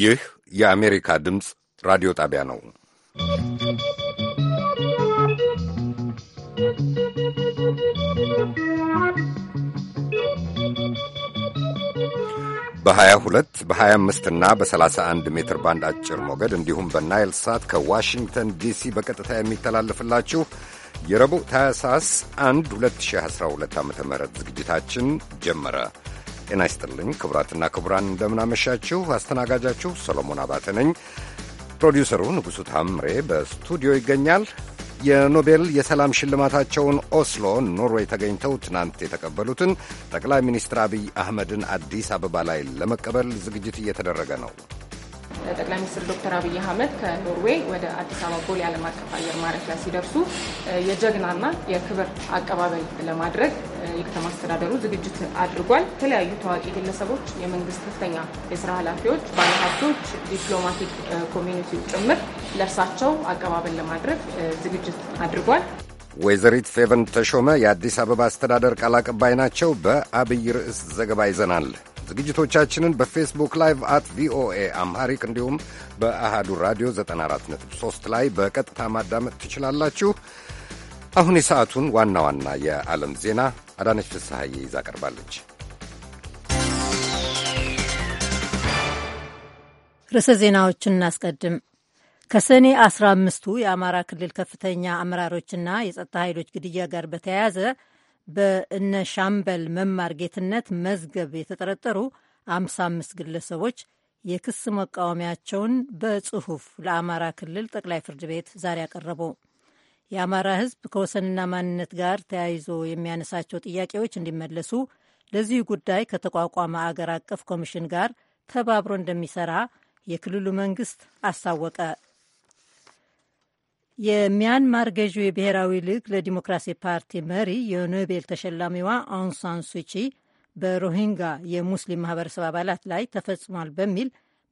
ይህ የአሜሪካ ድምፅ ራዲዮ ጣቢያ ነው። በ22 በ25 እና በ31 ሜትር ባንድ አጭር ሞገድ እንዲሁም በናይል ሳት ከዋሽንግተን ዲሲ በቀጥታ የሚተላለፍላችሁ የረቡዕ ታህሳስ 1 2012 ዓ ም ዝግጅታችን ጀመረ። ጤና ይስጥልኝ ክቡራትና ክቡራን፣ እንደምናመሻችሁ። አስተናጋጃችሁ ሰሎሞን አባተ ነኝ። ፕሮዲውሰሩ ንጉሡ ታምሬ በስቱዲዮ ይገኛል። የኖቤል የሰላም ሽልማታቸውን ኦስሎ ኖርዌይ ተገኝተው ትናንት የተቀበሉትን ጠቅላይ ሚኒስትር አብይ አህመድን አዲስ አበባ ላይ ለመቀበል ዝግጅት እየተደረገ ነው። ጠቅላይ ሚኒስትር ዶክተር አብይ አህመድ ከኖርዌይ ወደ አዲስ አበባ ቦሌ ዓለም አቀፍ አየር ማረፊያ ሲደርሱ የጀግናና የክብር አቀባበል ለማድረግ የከተማ አስተዳደሩ ዝግጅት አድርጓል። የተለያዩ ታዋቂ ግለሰቦች፣ የመንግስት ከፍተኛ የስራ ኃላፊዎች፣ ባለሀብቶች፣ ዲፕሎማቲክ ኮሚኒቲው ጭምር ለእርሳቸው አቀባበል ለማድረግ ዝግጅት አድርጓል። ወይዘሪት ፌቨን ተሾመ የአዲስ አበባ አስተዳደር ቃል አቀባይ ናቸው። በአብይ ርዕስ ዘገባ ይዘናል። ዝግጅቶቻችንን በፌስቡክ ላይቭ አት ቪኦኤ አምሃሪክ እንዲሁም በአሃዱ ራዲዮ 94.3 ላይ በቀጥታ ማዳመጥ ትችላላችሁ። አሁን የሰዓቱን ዋና ዋና የዓለም ዜና አዳነች ፍስሐዬ ይዛ ቀርባለች። ርዕሰ ዜናዎችን እናስቀድም። ከሰኔ 15 አምስቱ የአማራ ክልል ከፍተኛ አመራሮችና የጸጥታ ኃይሎች ግድያ ጋር በተያያዘ በእነ ሻምበል መማር ጌትነት መዝገብ የተጠረጠሩ 55 ግለሰቦች የክስ መቃወሚያቸውን በጽሑፍ ለአማራ ክልል ጠቅላይ ፍርድ ቤት ዛሬ አቀረቡ። የአማራ ሕዝብ ከወሰንና ማንነት ጋር ተያይዞ የሚያነሳቸው ጥያቄዎች እንዲመለሱ ለዚህ ጉዳይ ከተቋቋመ አገር አቀፍ ኮሚሽን ጋር ተባብሮ እንደሚሰራ የክልሉ መንግስት አስታወቀ። የሚያንማር ገዢው የብሔራዊ ሊግ ለዲሞክራሲ ፓርቲ መሪ የኖቤል ተሸላሚዋ አውንሳን ሱቺ በሮሂንጋ የሙስሊም ማህበረሰብ አባላት ላይ ተፈጽሟል በሚል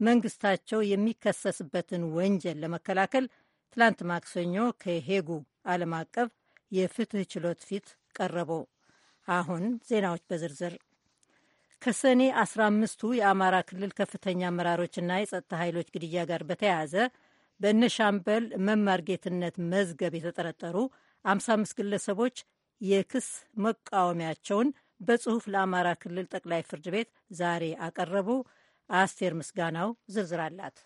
መንግስታቸው የሚከሰስበትን ወንጀል ለመከላከል ትላንት ማክሰኞ ከሄጉ ዓለም አቀፍ የፍትህ ችሎት ፊት ቀረቡ። አሁን ዜናዎች በዝርዝር ከሰኔ አስራ አምስቱ የአማራ ክልል ከፍተኛ አመራሮችና የጸጥታ ኃይሎች ግድያ ጋር በተያያዘ በእነ ሻምበል መማር ጌትነት መዝገብ የተጠረጠሩ 55 ግለሰቦች የክስ መቃወሚያቸውን በጽሑፍ ለአማራ ክልል ጠቅላይ ፍርድ ቤት ዛሬ አቀረቡ። አስቴር ምስጋናው ዝርዝር አላት።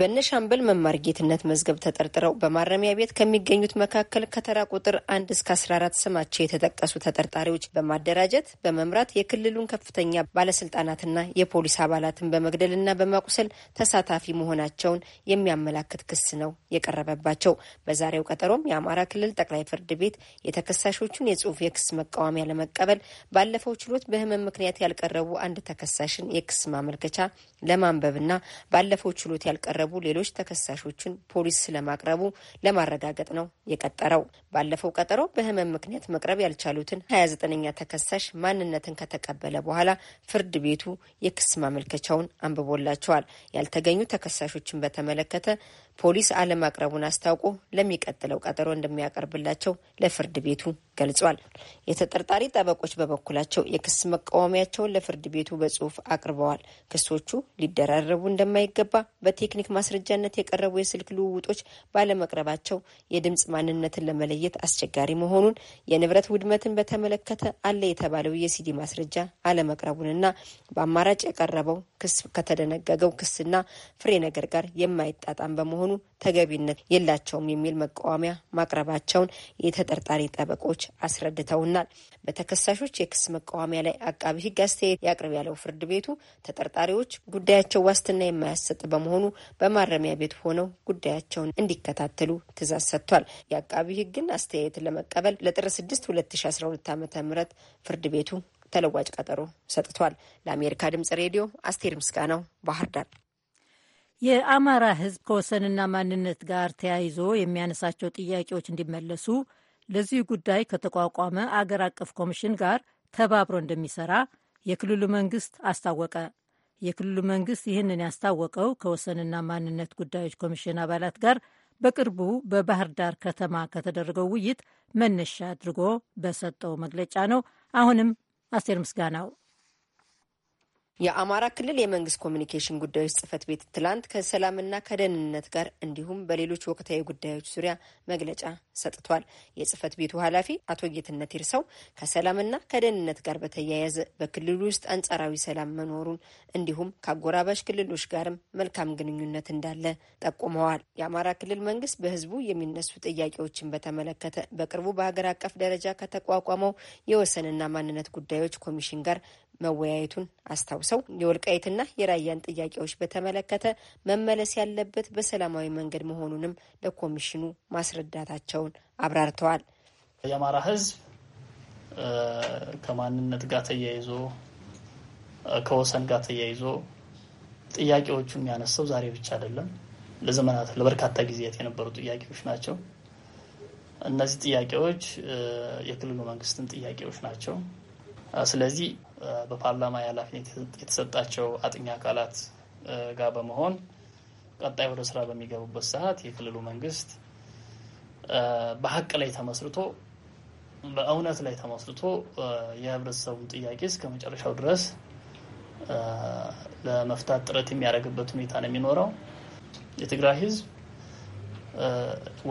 በነሻምበል መማር ጌትነት መዝገብ ተጠርጥረው በማረሚያ ቤት ከሚገኙት መካከል ከተራ ቁጥር አንድ እስከ አስራ አራት ስማቸው የተጠቀሱ ተጠርጣሪዎች በማደራጀት በመምራት የክልሉን ከፍተኛ ባለስልጣናትና የፖሊስ አባላትን በመግደልና በማቁሰል ተሳታፊ መሆናቸውን የሚያመላክት ክስ ነው የቀረበባቸው። በዛሬው ቀጠሮም የአማራ ክልል ጠቅላይ ፍርድ ቤት የተከሳሾቹን የጽሁፍ የክስ መቃወሚያ ለመቀበል ባለፈው ችሎት በህመም ምክንያት ያልቀረቡ አንድ ተከሳሽን የክስ ማመልከቻ ለማንበብና ባለፈው ችሎት ያልቀረቡ የቀረቡ ሌሎች ተከሳሾችን ፖሊስ ስለማቅረቡ ለማረጋገጥ ነው የቀጠረው። ባለፈው ቀጠሮ በህመም ምክንያት መቅረብ ያልቻሉትን ሀያ ዘጠነኛ ተከሳሽ ማንነትን ከተቀበለ በኋላ ፍርድ ቤቱ የክስ ማመልከቻውን አንብቦላቸዋል። ያልተገኙ ተከሳሾችን በተመለከተ ፖሊስ አለማቅረቡን አስታውቆ ለሚቀጥለው ቀጠሮ እንደሚያቀርብላቸው ለፍርድ ቤቱ ገልጿል። የተጠርጣሪ ጠበቆች በበኩላቸው የክስ መቃወሚያቸውን ለፍርድ ቤቱ በጽሁፍ አቅርበዋል። ክሶቹ ሊደራረቡ እንደማይገባ በቴክኒክ ማስረጃነት የቀረቡ የስልክ ልውውጦች ባለመቅረባቸው የድምፅ ማንነትን ለመለየት አስቸጋሪ መሆኑን፣ የንብረት ውድመትን በተመለከተ አለ የተባለው የሲዲ ማስረጃ አለመቅረቡንና በአማራጭ የቀረበው ክስ ከተደነገገው ክስና ፍሬ ነገር ጋር የማይጣጣም በመሆኑ በመሆኑ ተገቢነት የላቸውም የሚል መቃወሚያ ማቅረባቸውን የተጠርጣሪ ጠበቆች አስረድተውናል። በተከሳሾች የክስ መቃወሚያ ላይ አቃቢ ሕግ አስተያየት ያቅርብ ያለው ፍርድ ቤቱ ተጠርጣሪዎች ጉዳያቸው ዋስትና የማያሰጥ በመሆኑ በማረሚያ ቤት ሆነው ጉዳያቸውን እንዲከታተሉ ትእዛዝ ሰጥቷል። የአቃቢ ሕግን አስተያየት ለመቀበል ለጥር 6 2012 ዓ ም ፍርድ ቤቱ ተለዋጭ ቀጠሮ ሰጥቷል። ለአሜሪካ ድምጽ ሬዲዮ አስቴር ምስጋናው ባህር ዳር። የአማራ ህዝብ ከወሰንና ማንነት ጋር ተያይዞ የሚያነሳቸው ጥያቄዎች እንዲመለሱ ለዚህ ጉዳይ ከተቋቋመ አገር አቀፍ ኮሚሽን ጋር ተባብሮ እንደሚሰራ የክልሉ መንግስት አስታወቀ። የክልሉ መንግስት ይህንን ያስታወቀው ከወሰንና ማንነት ጉዳዮች ኮሚሽን አባላት ጋር በቅርቡ በባህር ዳር ከተማ ከተደረገው ውይይት መነሻ አድርጎ በሰጠው መግለጫ ነው። አሁንም አስቴር ምስጋናው የአማራ ክልል የመንግስት ኮሚኒኬሽን ጉዳዮች ጽህፈት ቤት ትላንት ከሰላምና ከደህንነት ጋር እንዲሁም በሌሎች ወቅታዊ ጉዳዮች ዙሪያ መግለጫ ሰጥቷል። የጽህፈት ቤቱ ኃላፊ አቶ ጌትነት ይርሰው ከሰላምና ከደህንነት ጋር በተያያዘ በክልሉ ውስጥ አንጻራዊ ሰላም መኖሩን እንዲሁም ከአጎራባሽ ክልሎች ጋርም መልካም ግንኙነት እንዳለ ጠቁመዋል። የአማራ ክልል መንግስት በህዝቡ የሚነሱ ጥያቄዎችን በተመለከተ በቅርቡ በሀገር አቀፍ ደረጃ ከተቋቋመው የወሰንና ማንነት ጉዳዮች ኮሚሽን ጋር መወያየቱን አስታውሰው የወልቃይትና የራያን ጥያቄዎች በተመለከተ መመለስ ያለበት በሰላማዊ መንገድ መሆኑንም ለኮሚሽኑ ማስረዳታቸውን አብራርተዋል። የአማራ ሕዝብ ከማንነት ጋር ተያይዞ ከወሰን ጋር ተያይዞ ጥያቄዎቹን የሚያነሳው ዛሬ ብቻ አይደለም። ለዘመናት ለበርካታ ጊዜያት የነበሩ ጥያቄዎች ናቸው። እነዚህ ጥያቄዎች የክልሉ መንግስትን ጥያቄዎች ናቸው። ስለዚህ በፓርላማ የኃላፊነት የተሰጣቸው አጥኚ አካላት ጋር በመሆን ቀጣይ ወደ ስራ በሚገቡበት ሰዓት የክልሉ መንግስት በሀቅ ላይ ተመስርቶ በእውነት ላይ ተመስርቶ የህብረተሰቡን ጥያቄ እስከ መጨረሻው ድረስ ለመፍታት ጥረት የሚያደርግበት ሁኔታ ነው የሚኖረው። የትግራይ ህዝብ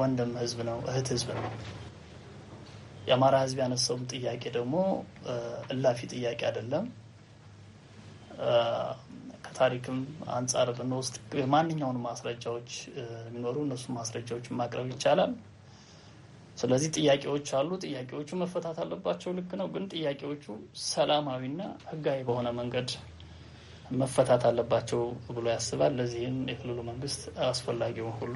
ወንድም ህዝብ ነው፣ እህት ህዝብ ነው። የአማራ ህዝብ ያነሳውም ጥያቄ ደግሞ እላፊ ጥያቄ አይደለም። ከታሪክም አንጻር ብንወስድ የማንኛውን ማስረጃዎች የሚኖሩ እነሱ ማስረጃዎች ማቅረብ ይቻላል። ስለዚህ ጥያቄዎች አሉ። ጥያቄዎቹ መፈታት አለባቸው። ልክ ነው። ግን ጥያቄዎቹ ሰላማዊና ህጋዊ በሆነ መንገድ መፈታት አለባቸው ብሎ ያስባል። ለዚህም የክልሉ መንግስት አስፈላጊውን ሁሉ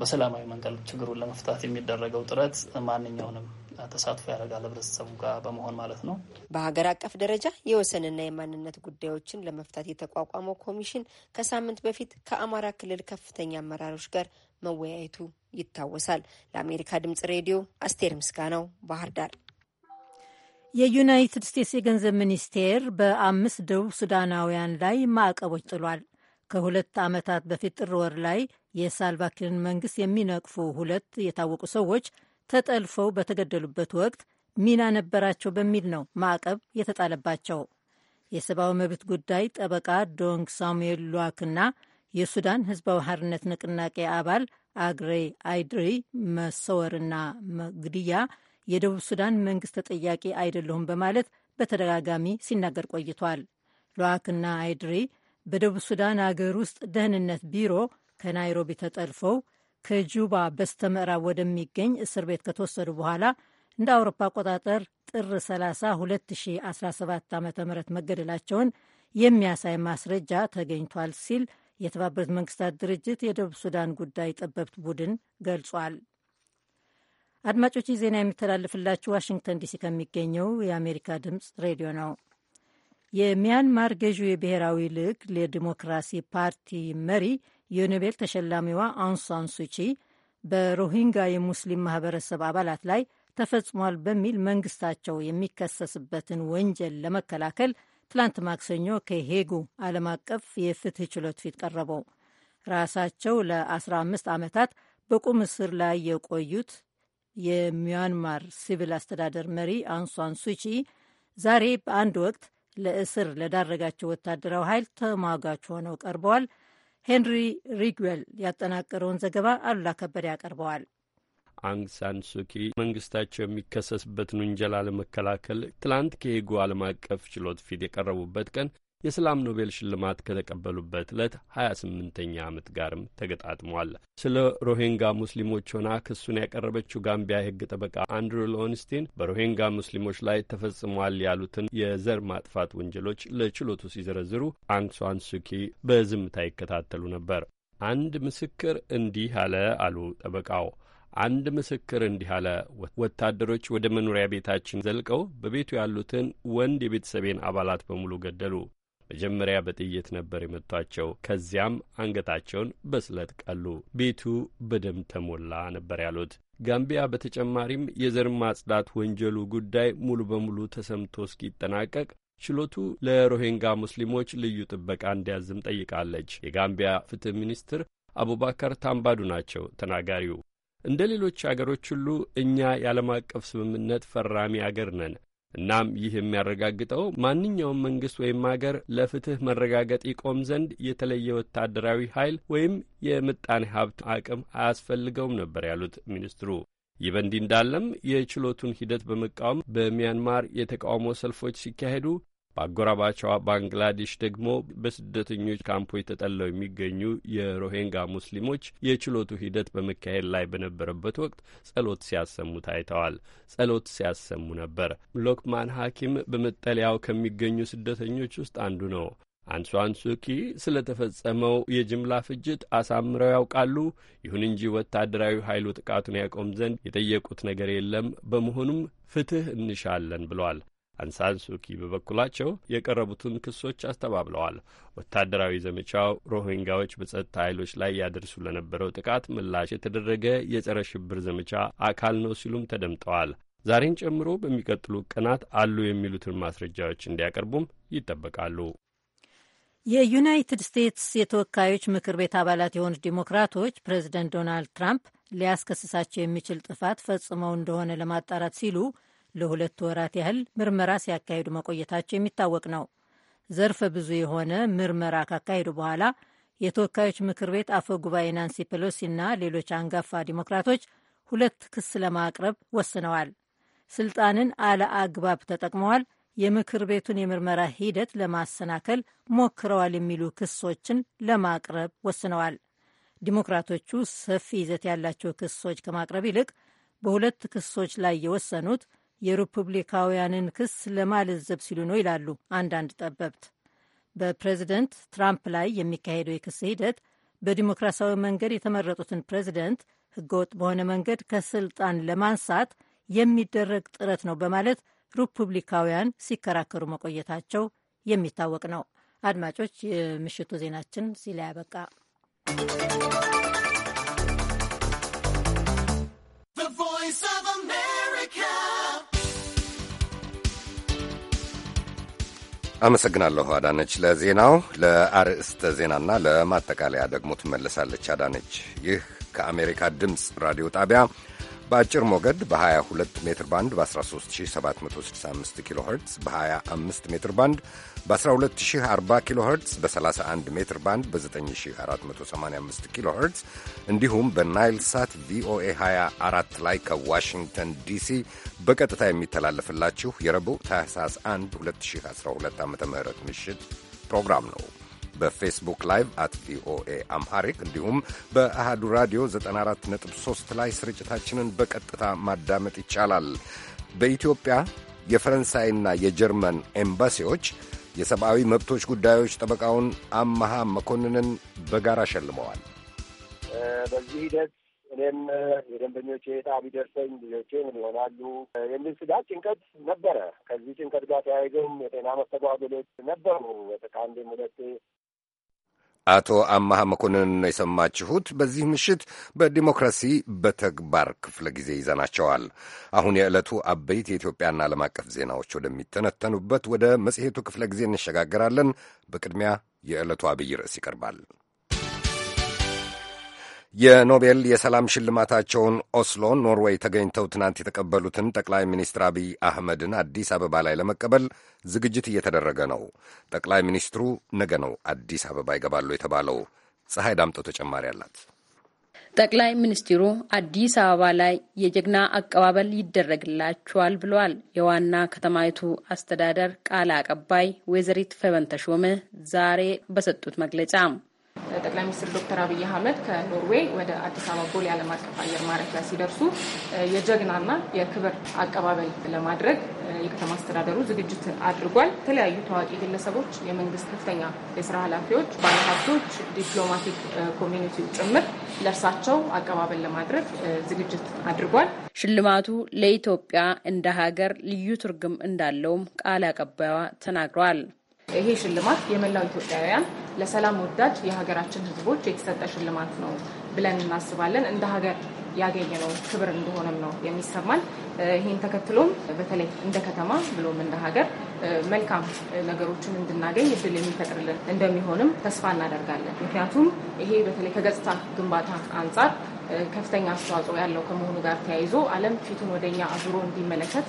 በሰላማዊ መንገድ ችግሩን ለመፍታት የሚደረገው ጥረት ማንኛውንም ተሳትፎ ያደርጋል ህብረተሰቡ ጋር በመሆን ማለት ነው። በሀገር አቀፍ ደረጃ የወሰንና የማንነት ጉዳዮችን ለመፍታት የተቋቋመው ኮሚሽን ከሳምንት በፊት ከአማራ ክልል ከፍተኛ አመራሮች ጋር መወያየቱ ይታወሳል። ለአሜሪካ ድምጽ ሬዲዮ አስቴር ምስጋናው ባህር ዳር። የዩናይትድ ስቴትስ የገንዘብ ሚኒስቴር በአምስት ደቡብ ሱዳናውያን ላይ ማዕቀቦች ጥሏል። ከሁለት ዓመታት በፊት ጥር ወር ላይ የሳልቫኪርን መንግስት የሚነቅፉ ሁለት የታወቁ ሰዎች ተጠልፈው በተገደሉበት ወቅት ሚና ነበራቸው በሚል ነው ማዕቀብ የተጣለባቸው። የሰብአዊ መብት ጉዳይ ጠበቃ ዶንግ ሳሙኤል ሉዋክና የሱዳን ህዝባዊ ሐርነት ንቅናቄ አባል አግሬ አይድሪ መሰወርና መግድያ የደቡብ ሱዳን መንግስት ተጠያቂ አይደለሁም በማለት በተደጋጋሚ ሲናገር ቆይቷል። ሉዋክና አይድሬ በደቡብ ሱዳን አገር ውስጥ ደህንነት ቢሮ ከናይሮቢ ተጠልፈው ከጁባ በስተምዕራብ ወደሚገኝ እስር ቤት ከተወሰዱ በኋላ እንደ አውሮፓ አቆጣጠር ጥር 30 2017 ዓ ም መገደላቸውን የሚያሳይ ማስረጃ ተገኝቷል ሲል የተባበሩት መንግስታት ድርጅት የደቡብ ሱዳን ጉዳይ ጠበብት ቡድን ገልጿል። አድማጮች ዜና የሚተላለፍላችሁ ዋሽንግተን ዲሲ ከሚገኘው የአሜሪካ ድምፅ ሬዲዮ ነው። የሚያንማር ገዢው የብሔራዊ ልግ ለዲሞክራሲ ፓርቲ መሪ የኖቤል ተሸላሚዋ አንሳን ሱቺ በሮሂንጋ የሙስሊም ማህበረሰብ አባላት ላይ ተፈጽሟል በሚል መንግስታቸው የሚከሰስበትን ወንጀል ለመከላከል ትላንት ማክሰኞ ከሄጉ ዓለም አቀፍ የፍትህ ችሎት ፊት ቀረበው። ራሳቸው ለ15 ዓመታት በቁም እስር ላይ የቆዩት የሚያንማር ሲቪል አስተዳደር መሪ አንሷን ሱቺ ዛሬ በአንድ ወቅት ለእስር ለዳረጋቸው ወታደራዊ ኃይል ተሟጋች ሆነው ቀርበዋል። ሄንሪ ሪግዌል ያጠናቀረውን ዘገባ አሉላ ከበደ ያቀርበዋል። አንግ ሱኪ መንግስታቸው የሚከሰስበትን ውንጀላ ለመከላከል ትላንት ከሄጉ ዓለም አቀፍ ችሎት ፊት የቀረቡበት ቀን የሰላም ኖቤል ሽልማት ከተቀበሉበት ዕለት 28ኛ ዓመት ጋርም ተገጣጥሟል። ስለ ሮሂንጋ ሙስሊሞች ሆና ክሱን ያቀረበችው ጋምቢያ የሕግ ጠበቃ አንድሩ ሎንስቲን በሮሂንጋ ሙስሊሞች ላይ ተፈጽሟል ያሉትን የዘር ማጥፋት ወንጀሎች ለችሎቱ ሲዘረዝሩ አንክሷን ሱኪ በዝምታ ይከታተሉ ነበር። አንድ ምስክር እንዲህ አለ አሉ ጠበቃው። አንድ ምስክር እንዲህ አለ። ወታደሮች ወደ መኖሪያ ቤታችን ዘልቀው በቤቱ ያሉትን ወንድ የቤተሰቤን አባላት በሙሉ ገደሉ። መጀመሪያ በጥይት ነበር የመቷቸው። ከዚያም አንገታቸውን በስለት ቀሉ። ቤቱ በደም ተሞላ ነበር ያሉት። ጋምቢያ በተጨማሪም የዘር ማጽዳት ወንጀሉ ጉዳይ ሙሉ በሙሉ ተሰምቶ እስኪጠናቀቅ ችሎቱ ለሮሂንጋ ሙስሊሞች ልዩ ጥበቃ እንዲያዝም ጠይቃለች። የጋምቢያ ፍትህ ሚኒስትር አቡባከር ታምባዱ ናቸው ተናጋሪው። እንደ ሌሎች አገሮች ሁሉ እኛ የዓለም አቀፍ ስምምነት ፈራሚ አገር ነን። እናም ይህ የሚያረጋግጠው ማንኛውም መንግስት ወይም አገር ለፍትህ መረጋገጥ ይቆም ዘንድ የተለየ ወታደራዊ ኃይል ወይም የምጣኔ ሀብት አቅም አያስፈልገውም ነበር ያሉት ሚኒስትሩ። ይህ በእንዲህ እንዳለም የችሎቱን ሂደት በመቃወም በሚያንማር የተቃውሞ ሰልፎች ሲካሄዱ በአጎራባቸዋ ባንግላዴሽ ደግሞ በስደተኞች ካምፖች ተጠለው የሚገኙ የሮሂንጋ ሙስሊሞች የችሎቱ ሂደት በመካሄድ ላይ በነበረበት ወቅት ጸሎት ሲያሰሙ ታይተዋል። ጸሎት ሲያሰሙ ነበር። ሎክማን ሐኪም በመጠለያው ከሚገኙ ስደተኞች ውስጥ አንዱ ነው። አንሷንሱኪ ስለ ተፈጸመው የጅምላ ፍጅት አሳምረው ያውቃሉ። ይሁን እንጂ ወታደራዊ ኃይሉ ጥቃቱን ያቆም ዘንድ የጠየቁት ነገር የለም። በመሆኑም ፍትህ እንሻለን ብሏል። አንሳንሱኪ በበኩላቸው የቀረቡትን ክሶች አስተባብለዋል። ወታደራዊ ዘመቻው ሮሂንጋዎች በጸጥታ ኃይሎች ላይ ያደርሱ ለነበረው ጥቃት ምላሽ የተደረገ የጸረ ሽብር ዘመቻ አካል ነው ሲሉም ተደምጠዋል። ዛሬን ጨምሮ በሚቀጥሉ ቀናት አሉ የሚሉትን ማስረጃዎች እንዲያቀርቡም ይጠበቃሉ። የዩናይትድ ስቴትስ የተወካዮች ምክር ቤት አባላት የሆኑት ዲሞክራቶች ፕሬዚደንት ዶናልድ ትራምፕ ሊያስከስሳቸው የሚችል ጥፋት ፈጽመው እንደሆነ ለማጣራት ሲሉ ለሁለት ወራት ያህል ምርመራ ሲያካሂዱ መቆየታቸው የሚታወቅ ነው። ዘርፈ ብዙ የሆነ ምርመራ ካካሄዱ በኋላ የተወካዮች ምክር ቤት አፈ ጉባኤ ናንሲ ፔሎሲ እና ሌሎች አንጋፋ ዲሞክራቶች ሁለት ክስ ለማቅረብ ወስነዋል። ስልጣንን አለ አግባብ ተጠቅመዋል፣ የምክር ቤቱን የምርመራ ሂደት ለማሰናከል ሞክረዋል የሚሉ ክሶችን ለማቅረብ ወስነዋል። ዲሞክራቶቹ ሰፊ ይዘት ያላቸው ክሶች ከማቅረብ ይልቅ በሁለት ክሶች ላይ የወሰኑት የሪፑብሊካውያንን ክስ ለማለዘብ ሲሉ ነው ይላሉ አንዳንድ ጠበብት። በፕሬዝደንት ትራምፕ ላይ የሚካሄደው የክስ ሂደት በዲሞክራሲያዊ መንገድ የተመረጡትን ፕሬዝደንት ህገወጥ በሆነ መንገድ ከስልጣን ለማንሳት የሚደረግ ጥረት ነው በማለት ሪፑብሊካውያን ሲከራከሩ መቆየታቸው የሚታወቅ ነው። አድማጮች፣ የምሽቱ ዜናችን ሲላ ያበቃ። አመሰግናለሁ አዳነች ለዜናው። ለአርዕስተ ዜናና ለማጠቃለያ ደግሞ ትመለሳለች አዳነች። ይህ ከአሜሪካ ድምፅ ራዲዮ ጣቢያ በአጭር ሞገድ በ22 ሜትር ባንድ በ13765 ኪሎ ኸርትዝ በ25 ሜትር ባንድ በ1240 ኪሎ ኸርትዝ በ31 ሜትር ባንድ በ9485 ኪሎ ኸርትዝ እንዲሁም በናይል ሳት ቪኦኤ 24 ላይ ከዋሽንግተን ዲሲ በቀጥታ የሚተላለፍላችሁ የረቡዕ ታህሳስ 1 2012 ዓ ም ምሽት ፕሮግራም ነው። በፌስቡክ ላይቭ አት ቪኦኤ አምሃሪክ እንዲሁም በአሃዱ ራዲዮ 94.3 ላይ ስርጭታችንን በቀጥታ ማዳመጥ ይቻላል። በኢትዮጵያ የፈረንሳይና የጀርመን ኤምባሲዎች የሰብአዊ መብቶች ጉዳዮች ጠበቃውን አመሃ መኮንንን በጋራ ሸልመዋል። በዚህ ሂደት እኔም የደንበኞቼ ዕጣ ቢደርሰኝ ልጆቼ ምን ይሆናሉ የሚል ስጋት፣ ጭንቀት ነበረ። ከዚህ ጭንቀት ጋር ተያይዘውም የጤና መስተጓጎሎች ነበሩ። ከአንዴም ሁለቴ አቶ አማሃ መኮንን ነው የሰማችሁት። በዚህ ምሽት በዲሞክራሲ በተግባር ክፍለ ጊዜ ይዘናቸዋል። አሁን የዕለቱ አበይት የኢትዮጵያና ዓለም አቀፍ ዜናዎች ወደሚተነተኑበት ወደ መጽሔቱ ክፍለ ጊዜ እንሸጋገራለን። በቅድሚያ የዕለቱ አብይ ርዕስ ይቀርባል። የኖቤል የሰላም ሽልማታቸውን ኦስሎ ኖርዌይ ተገኝተው ትናንት የተቀበሉትን ጠቅላይ ሚኒስትር አብይ አህመድን አዲስ አበባ ላይ ለመቀበል ዝግጅት እየተደረገ ነው። ጠቅላይ ሚኒስትሩ ነገ ነው አዲስ አበባ ይገባሉ የተባለው። ፀሐይ ዳምጠው ተጨማሪ አላት። ጠቅላይ ሚኒስትሩ አዲስ አበባ ላይ የጀግና አቀባበል ይደረግላቸዋል ብለዋል የዋና ከተማይቱ አስተዳደር ቃል አቀባይ ወይዘሪት ፈበን ተሾመ ዛሬ በሰጡት መግለጫ። ጠቅላይ ሚኒስትር ዶክተር አብይ አህመድ ከኖርዌይ ወደ አዲስ አበባ ቦሌ ዓለም አቀፍ አየር ማረፊያ ሲደርሱ የጀግናና የክብር አቀባበል ለማድረግ የከተማ አስተዳደሩ ዝግጅት አድርጓል። የተለያዩ ታዋቂ ግለሰቦች፣ የመንግስት ከፍተኛ የስራ ኃላፊዎች፣ ባለሀብቶች፣ ዲፕሎማቲክ ኮሚኒቲው ጭምር ለእርሳቸው አቀባበል ለማድረግ ዝግጅት አድርጓል። ሽልማቱ ለኢትዮጵያ እንደ ሀገር ልዩ ትርጉም እንዳለውም ቃል አቀባይዋ ተናግረዋል። ይሄ ሽልማት የመላው ኢትዮጵያውያን ለሰላም ወዳጅ የሀገራችን ህዝቦች የተሰጠ ሽልማት ነው ብለን እናስባለን። እንደ ሀገር ያገኘ ነው ክብር እንደሆነም ነው የሚሰማን። ይህን ተከትሎም በተለይ እንደ ከተማ ብሎም እንደ ሀገር መልካም ነገሮችን እንድናገኝ እድል የሚፈጥርልን እንደሚሆንም ተስፋ እናደርጋለን። ምክንያቱም ይሄ በተለይ ከገጽታ ግንባታ አንጻር ከፍተኛ አስተዋጽኦ ያለው ከመሆኑ ጋር ተያይዞ ዓለም ፊቱን ወደኛ አዙሮ እንዲመለከት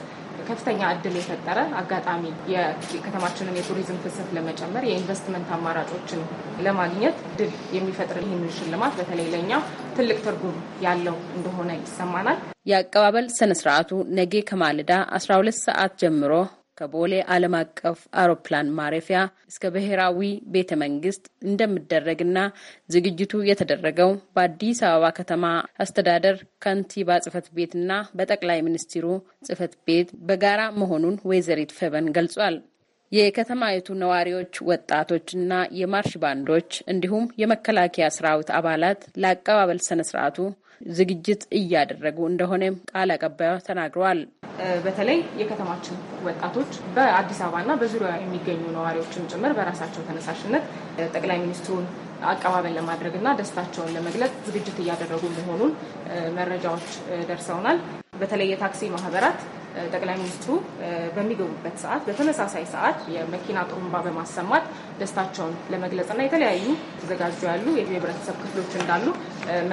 ከፍተኛ እድል የፈጠረ አጋጣሚ የከተማችንን የቱሪዝም ፍሰት ለመጨመር የኢንቨስትመንት አማራጮችን ለማግኘት እድል የሚፈጥር ይህንን ሽልማት በተለይ ለኛ ትልቅ ትርጉም ያለው እንደሆነ ይሰማናል። የአቀባበል ስርዓቱ ነገ ከማለዳ 12 ሰዓት ጀምሮ ከቦሌ ዓለም አቀፍ አውሮፕላን ማረፊያ እስከ ብሔራዊ ቤተ መንግስት እንደሚደረግና ዝግጅቱ የተደረገው በአዲስ አበባ ከተማ አስተዳደር ከንቲባ ጽህፈት ቤትና በጠቅላይ ሚኒስትሩ ጽህፈት ቤት በጋራ መሆኑን ወይዘሪት ፈበን ገልጿል። የከተማይቱ ነዋሪዎች፣ ወጣቶችና የማርሽ ባንዶች እንዲሁም የመከላከያ ሰራዊት አባላት ለአቀባበል ስነ ስርዓቱ ዝግጅት እያደረጉ እንደሆነም ቃል አቀባዩ ተናግረዋል። በተለይ የከተማችን ወጣቶች በአዲስ አበባና በዙሪያ የሚገኙ ነዋሪዎችም ጭምር በራሳቸው ተነሳሽነት ጠቅላይ ሚኒስትሩን አቀባበል ለማድረግና ደስታቸውን ለመግለጽ ዝግጅት እያደረጉ መሆኑን መረጃዎች ደርሰውናል። በተለይ የታክሲ ማህበራት ጠቅላይ ሚኒስትሩ በሚገቡበት ሰዓት በተመሳሳይ ሰዓት የመኪና ጥሩምባ በማሰማት ደስታቸውን ለመግለጽና የተለያዩ ተዘጋጁ ያሉ የህብረተሰብ ክፍሎች እንዳሉ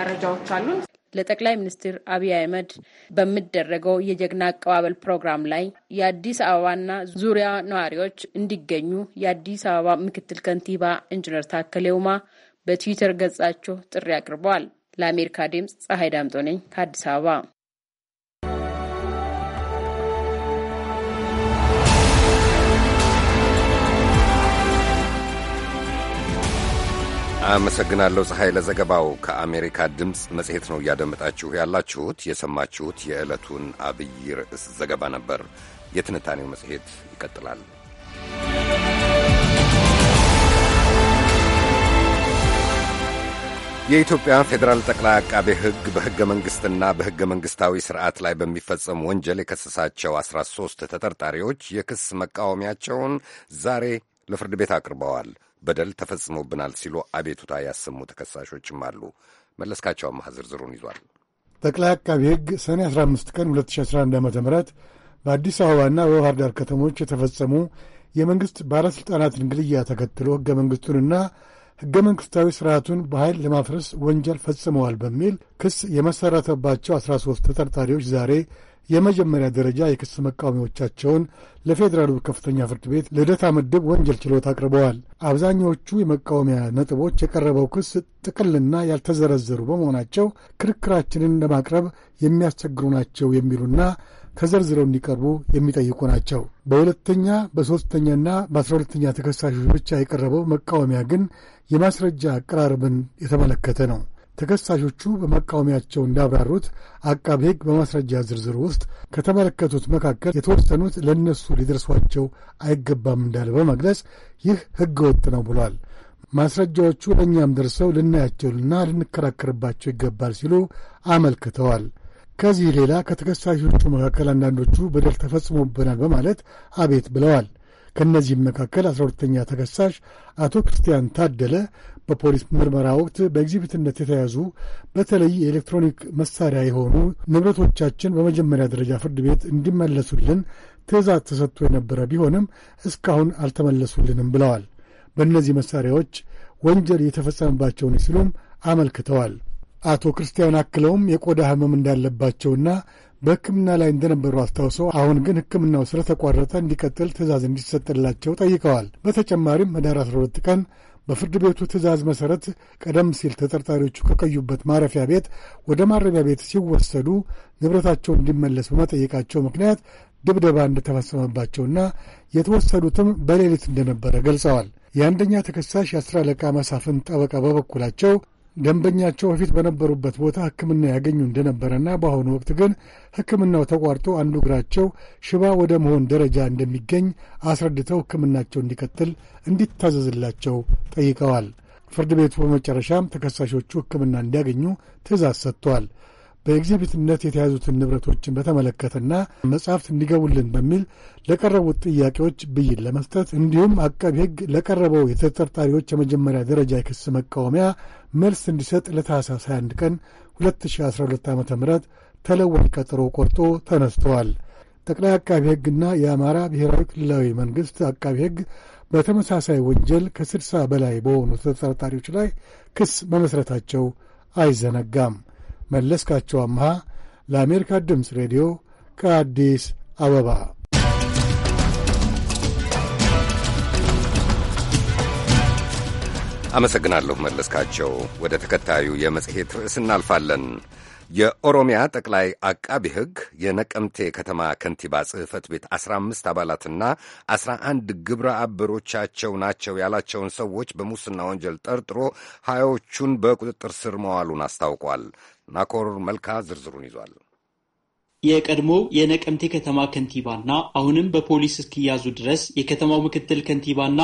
መረጃዎች አሉን። ለጠቅላይ ሚኒስትር አብይ አህመድ በሚደረገው የጀግና አቀባበል ፕሮግራም ላይ የአዲስ አበባና ዙሪያ ነዋሪዎች እንዲገኙ የአዲስ አበባ ምክትል ከንቲባ ኢንጂነር ታከለ ኡማ በትዊተር ገጻቸው ጥሪ አቅርበዋል። ለአሜሪካ ድምፅ ፀሐይ ዳምጦ ነኝ ከአዲስ አበባ። አመሰግናለሁ ፀሐይ ለዘገባው። ከአሜሪካ ድምፅ መጽሔት ነው እያደመጣችሁ ያላችሁት። የሰማችሁት የዕለቱን አብይ ርዕስ ዘገባ ነበር። የትንታኔው መጽሔት ይቀጥላል። የኢትዮጵያ ፌዴራል ጠቅላይ አቃቤ ሕግ በሕገ መንግሥትና በሕገ መንግሥታዊ ሥርዓት ላይ በሚፈጸም ወንጀል የከሰሳቸው 13 ተጠርጣሪዎች የክስ መቃወሚያቸውን ዛሬ ለፍርድ ቤት አቅርበዋል። በደል ተፈጽሞብናል ሲሉ አቤቱታ ያሰሙ ተከሳሾችም አሉ። መለስካቸው አማሃ ዝርዝሩን ይዟል። ጠቅላይ አቃቢ ሕግ ሰኔ 15 ቀን 2011 ዓ ም በአዲስ አበባና በባህር ዳር ከተሞች የተፈጸሙ የመንግሥት ባለሥልጣናትን ግልያ ተከትሎ ሕገ መንግሥቱንና ሕገ መንግሥታዊ ሥርዓቱን በኃይል ለማፍረስ ወንጀል ፈጽመዋል በሚል ክስ የመሠረተባቸው 13 ተጠርጣሪዎች ዛሬ የመጀመሪያ ደረጃ የክስ መቃወሚያዎቻቸውን ለፌዴራሉ ከፍተኛ ፍርድ ቤት ልደታ ምድብ ወንጀል ችሎት አቅርበዋል። አብዛኛዎቹ የመቃወሚያ ነጥቦች የቀረበው ክስ ጥቅልና ያልተዘረዘሩ በመሆናቸው ክርክራችንን ለማቅረብ የሚያስቸግሩ ናቸው የሚሉና ተዘርዝረው እንዲቀርቡ የሚጠይቁ ናቸው። በሁለተኛ በሦስተኛና በአስራ ሁለተኛ ተከሳሾች ብቻ የቀረበው መቃወሚያ ግን የማስረጃ አቀራረብን የተመለከተ ነው። ተከሳሾቹ በመቃወሚያቸው እንዳብራሩት አቃቤ ሕግ በማስረጃ ዝርዝር ውስጥ ከተመለከቱት መካከል የተወሰኑት ለእነሱ ሊደርሷቸው አይገባም እንዳለ በመግለጽ ይህ ወጥ ነው ብሏል። ማስረጃዎቹ ለእኛም ደርሰው ልናያቸውና ልንከራከርባቸው ይገባል ሲሉ አመልክተዋል። ከዚህ ሌላ ከተከሳሾቹ መካከል አንዳንዶቹ በደል ተፈጽሞብናል በማለት አቤት ብለዋል። ከእነዚህም መካከል 12ተኛ ተከሳሽ አቶ ክርስቲያን ታደለ በፖሊስ ምርመራ ወቅት በኤግዚቢትነት የተያዙ በተለይ የኤሌክትሮኒክ መሳሪያ የሆኑ ንብረቶቻችን በመጀመሪያ ደረጃ ፍርድ ቤት እንዲመለሱልን ትእዛዝ ተሰጥቶ የነበረ ቢሆንም እስካሁን አልተመለሱልንም ብለዋል። በእነዚህ መሳሪያዎች ወንጀል እየተፈጸመባቸው ነው ሲሉም አመልክተዋል። አቶ ክርስቲያን አክለውም የቆዳ ህመም እንዳለባቸውና በሕክምና ላይ እንደነበሩ አስታውሰው አሁን ግን ሕክምናው ስለተቋረጠ እንዲቀጥል ትእዛዝ እንዲሰጥላቸው ጠይቀዋል። በተጨማሪም ኅዳር 12 ቀን በፍርድ ቤቱ ትእዛዝ መሠረት ቀደም ሲል ተጠርጣሪዎቹ ከቆዩበት ማረፊያ ቤት ወደ ማረሚያ ቤት ሲወሰዱ ንብረታቸው እንዲመለስ በመጠየቃቸው ምክንያት ድብደባ እንደተፈጸመባቸውና የተወሰዱትም በሌሊት እንደነበረ ገልጸዋል። የአንደኛ ተከሳሽ የአስር አለቃ መሳፍን ጠበቃ በበኩላቸው ደንበኛቸው በፊት በነበሩበት ቦታ ሕክምና ያገኙ እንደነበረና በአሁኑ ወቅት ግን ሕክምናው ተቋርጦ አንዱ እግራቸው ሽባ ወደ መሆን ደረጃ እንደሚገኝ አስረድተው ሕክምናቸው እንዲቀጥል እንዲታዘዝላቸው ጠይቀዋል። ፍርድ ቤቱ በመጨረሻም ተከሳሾቹ ሕክምና እንዲያገኙ ትእዛዝ ሰጥቷል። በኤግዚቢትነት የተያዙትን ንብረቶችን በተመለከተና መጻሕፍት እንዲገቡልን በሚል ለቀረቡት ጥያቄዎች ብይን ለመስጠት እንዲሁም አቃቢ ሕግ ለቀረበው የተጠርጣሪዎች የመጀመሪያ ደረጃ የክስ መቃወሚያ መልስ እንዲሰጥ ለታህሳስ 21 ቀን 2012 ዓ ም ተለዋጭ ቀጠሮ ቆርጦ ተነስተዋል። ጠቅላይ አቃቢ ሕግና የአማራ ብሔራዊ ክልላዊ መንግሥት አቃቢ ሕግ በተመሳሳይ ወንጀል ከስድሳ በላይ በሆኑ ተጠርጣሪዎች ላይ ክስ መመስረታቸው አይዘነጋም። መለስካቸው አምሃ ለአሜሪካ ድምፅ ሬዲዮ ከአዲስ አበባ አመሰግናለሁ መለስካቸው። ወደ ተከታዩ የመጽሔት ርዕስ እናልፋለን። የኦሮሚያ ጠቅላይ አቃቢ ሕግ የነቀምቴ ከተማ ከንቲባ ጽሕፈት ቤት 15 አባላትና 11 ግብረ አበሮቻቸው ናቸው ያላቸውን ሰዎች በሙስና ወንጀል ጠርጥሮ ሀያዎቹን በቁጥጥር ስር መዋሉን አስታውቋል። ናኮር መልካ ዝርዝሩን ይዟል። የቀድሞ የነቀምቴ ከተማ ከንቲባና አሁንም በፖሊስ እስኪያዙ ድረስ የከተማው ምክትል ከንቲባና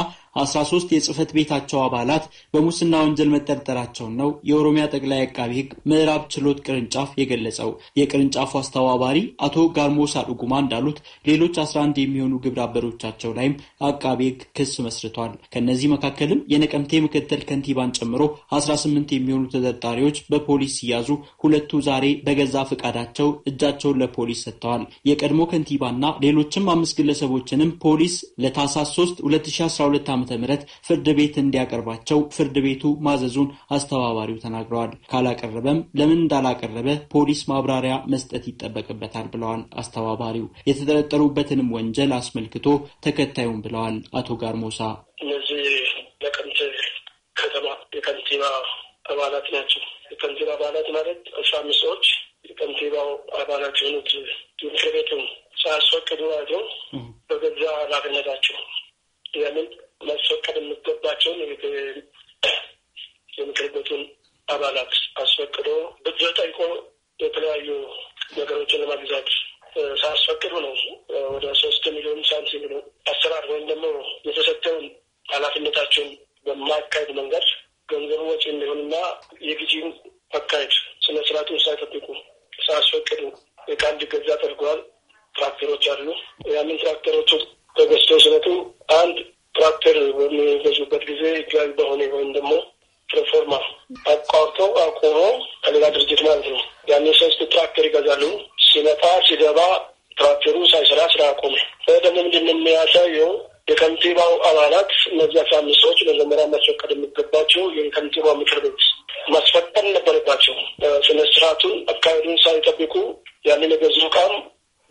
ሶስት የጽህፈት ቤታቸው አባላት በሙስና ወንጀል መጠርጠራቸውን ነው የኦሮሚያ ጠቅላይ አቃቢ ሕግ ምዕራብ ችሎት ቅርንጫፍ የገለጸው። የቅርንጫፉ አስተባባሪ አቶ ጋርሞሳ ዱጉማ እንዳሉት ሌሎች 11 የሚሆኑ ግብረ አበሮቻቸው ላይም አቃቢ ሕግ ክስ መስርቷል። ከእነዚህ መካከልም የነቀምቴ ምክትል ከንቲባን ጨምሮ 18 የሚሆኑ ተጠርጣሪዎች በፖሊስ ሲያዙ፣ ሁለቱ ዛሬ በገዛ ፈቃዳቸው እጃቸውን ለፖሊስ ሰጥተዋል። የቀድሞ ከንቲባና ሌሎችም አምስት ግለሰቦችንም ፖሊስ ለታህሳስ 3 2012 ዓ.ም ፍርድ ቤት እንዲያቀርባቸው ፍርድ ቤቱ ማዘዙን አስተባባሪው ተናግረዋል። ካላቀረበም ለምን እንዳላቀረበ ፖሊስ ማብራሪያ መስጠት ይጠበቅበታል ብለዋል አስተባባሪው። የተጠረጠሩበትንም ወንጀል አስመልክቶ ተከታዩም ብለዋል አቶ ጋርሞሳ። እነዚህ ነቀምቴ ከተማ የከንቲባ አባላት ናቸው። የከንቲባ አባላት ማለት አስራ አምስት ሰዎች የከንቲባው አባላት የሆኑት ምክር ቤቱን ሳያስፈቅዱ በገዛ ኃላፊነታቸው ያንን ማስፈቀድ የሚገባቸውን የምክር ቤቱን አባላት አስፈቅዶ ብድር ጠይቆ የተለያዩ ነገሮችን ለማግዛት ሳያስፈቅዱ ነው ወደ ሶስት ሚሊዮን ሳንቲም አሰራር ወይም ደግሞ የተሰጠውን ኃላፊነታቸውን በማካሄድ መንገድ ገንዘቡ ወጪ እንዲሆንና የጊዜን አካሄድ ስነ ስርዓቱን ሳይጠብቁ ሳያስፈቅዱ ዕቃ እንዲገዛ ተደርገዋል። ትራክተሮች አሉ። ያንን ትራክተሮቹ ተገዝተው ሲመጡ አንድ ትራክተር በሚገዙበት ጊዜ የተለያዩ በሆነ ወይም ደግሞ ፕሮፎርማ አቋርተው አቁሞ ከሌላ ድርጅት ማለት ነው ያኔ ሶስት ትራክተር ይገዛሉ። ሲመጣ ሲገባ ትራክተሩ ሳይሰራ ስራ አቆመ። ወይ ደግሞ ምንድን ነው የሚያሳየው የከንቲባው አባላት እነዚህ አስራ አምስት ሰዎች መጀመሪያ ማስፈቀድ የሚገባቸው የከንቲባው ምክር ቤት ማስፈቀድ ነበረባቸው። ስነ አካሄዱን ሳይጠብቁ ያንን የገዙ እቃም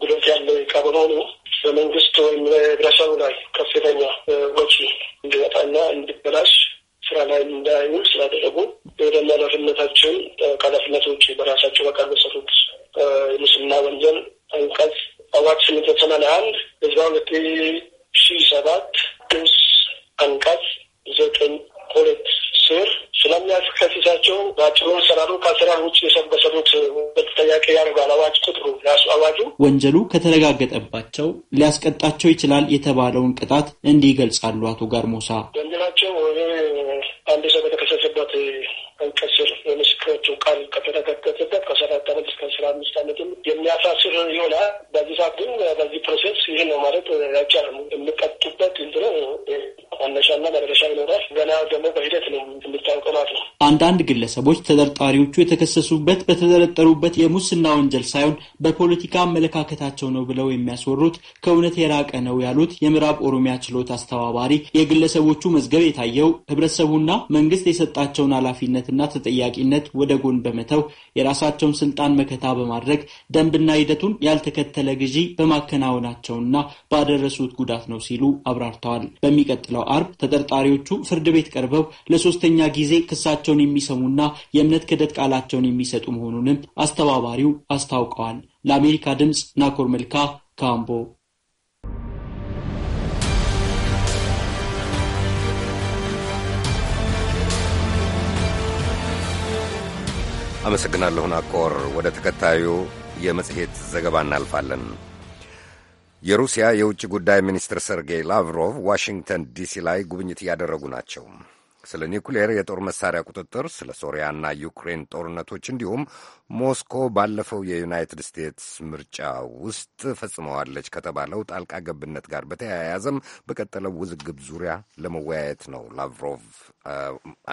ጉዳት ያለው ዕቃ በመሆኑ በመንግስት ወይም በህብረተሰቡ ላይ ከፍተኛ ወጪ እንዲወጣና እንዲበላሽ ስራ ላይ እንዳይውል ስላደረጉ የደሞ ኃላፊነታችን ከኃላፊነት ውጭ በራሳቸው በቃል በሰሩት የሙስና ወንጀል አንቀጽ አዋጅ ስምንት ዘጠና አንድ ህዝባ ሁለት ወንጀሉ ከተረጋገጠባቸው ሊያስቀጣቸው ይችላል የተባለውን ቅጣት እንዲህ ይገልጻሉ አቶ ጋርሞሳ። አንዳንድ ግለሰቦች ተጠርጣሪዎቹ የተከሰሱበት በተጠረጠሩበት የሙስና ወንጀል ሳይሆን በፖለቲካ አመለካከታቸው ነው ብለው የሚያስወሩት ከእውነት የራቀ ነው ያሉት የምዕራብ ኦሮሚያ ችሎት አስተባባሪ የግለሰቦቹ መዝገብ የታየው ህብረተሰቡና መንግስት የሰጣቸውን ኃላፊነትና ተጠያቂነት ወደ ጎን በመተው የራሳቸውን ስልጣን መከታ በማድረግ ደንብና ሂደቱን ያልተከተለ ግዢ በማከናወናቸውና ባደረሱት ጉዳት ነው ሲሉ አብራርተዋል። በሚቀጥለው አርብ ተጠርጣሪዎቹ ፍርድ ቤት ቀርበው ለሶስተኛ ጊዜ ክሳቸውን ቃላቸውን የሚሰሙና የእምነት ክደት ቃላቸውን የሚሰጡ መሆኑንም አስተባባሪው አስታውቀዋል። ለአሜሪካ ድምፅ ናኮር መልካ ካምቦ። አመሰግናለሁ ናኮር። ወደ ተከታዩ የመጽሔት ዘገባ እናልፋለን። የሩሲያ የውጭ ጉዳይ ሚኒስትር ሰርጌይ ላቭሮቭ ዋሽንግተን ዲሲ ላይ ጉብኝት እያደረጉ ናቸው። ስለ ኒውክሌር የጦር መሳሪያ ቁጥጥር፣ ስለ ሶሪያና ዩክሬን ጦርነቶች እንዲሁም ሞስኮ ባለፈው የዩናይትድ ስቴትስ ምርጫ ውስጥ ፈጽመዋለች ከተባለው ጣልቃ ገብነት ጋር በተያያዘም በቀጠለው ውዝግብ ዙሪያ ለመወያየት ነው ላቭሮቭ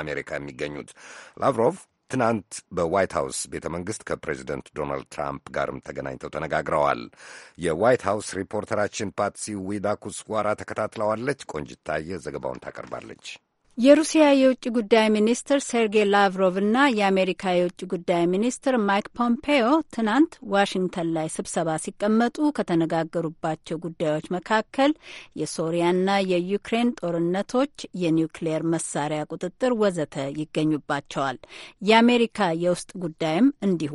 አሜሪካ የሚገኙት። ላቭሮቭ ትናንት በዋይት ሀውስ ቤተ መንግስት ከፕሬዚደንት ዶናልድ ትራምፕ ጋርም ተገናኝተው ተነጋግረዋል። የዋይት ሀውስ ሪፖርተራችን ፓትሲ ዊዳኩስዋራ ተከታትለዋለች። ቆንጅታየ ዘገባውን ታቀርባለች። የሩሲያ የውጭ ጉዳይ ሚኒስትር ሴርጌይ ላቭሮቭ እና የአሜሪካ የውጭ ጉዳይ ሚኒስትር ማይክ ፖምፔዮ ትናንት ዋሽንግተን ላይ ስብሰባ ሲቀመጡ ከተነጋገሩባቸው ጉዳዮች መካከል የሶሪያና የዩክሬን ጦርነቶች፣ የኒውክሌየር መሳሪያ ቁጥጥር ወዘተ ይገኙባቸዋል። የአሜሪካ የውስጥ ጉዳይም እንዲሁ።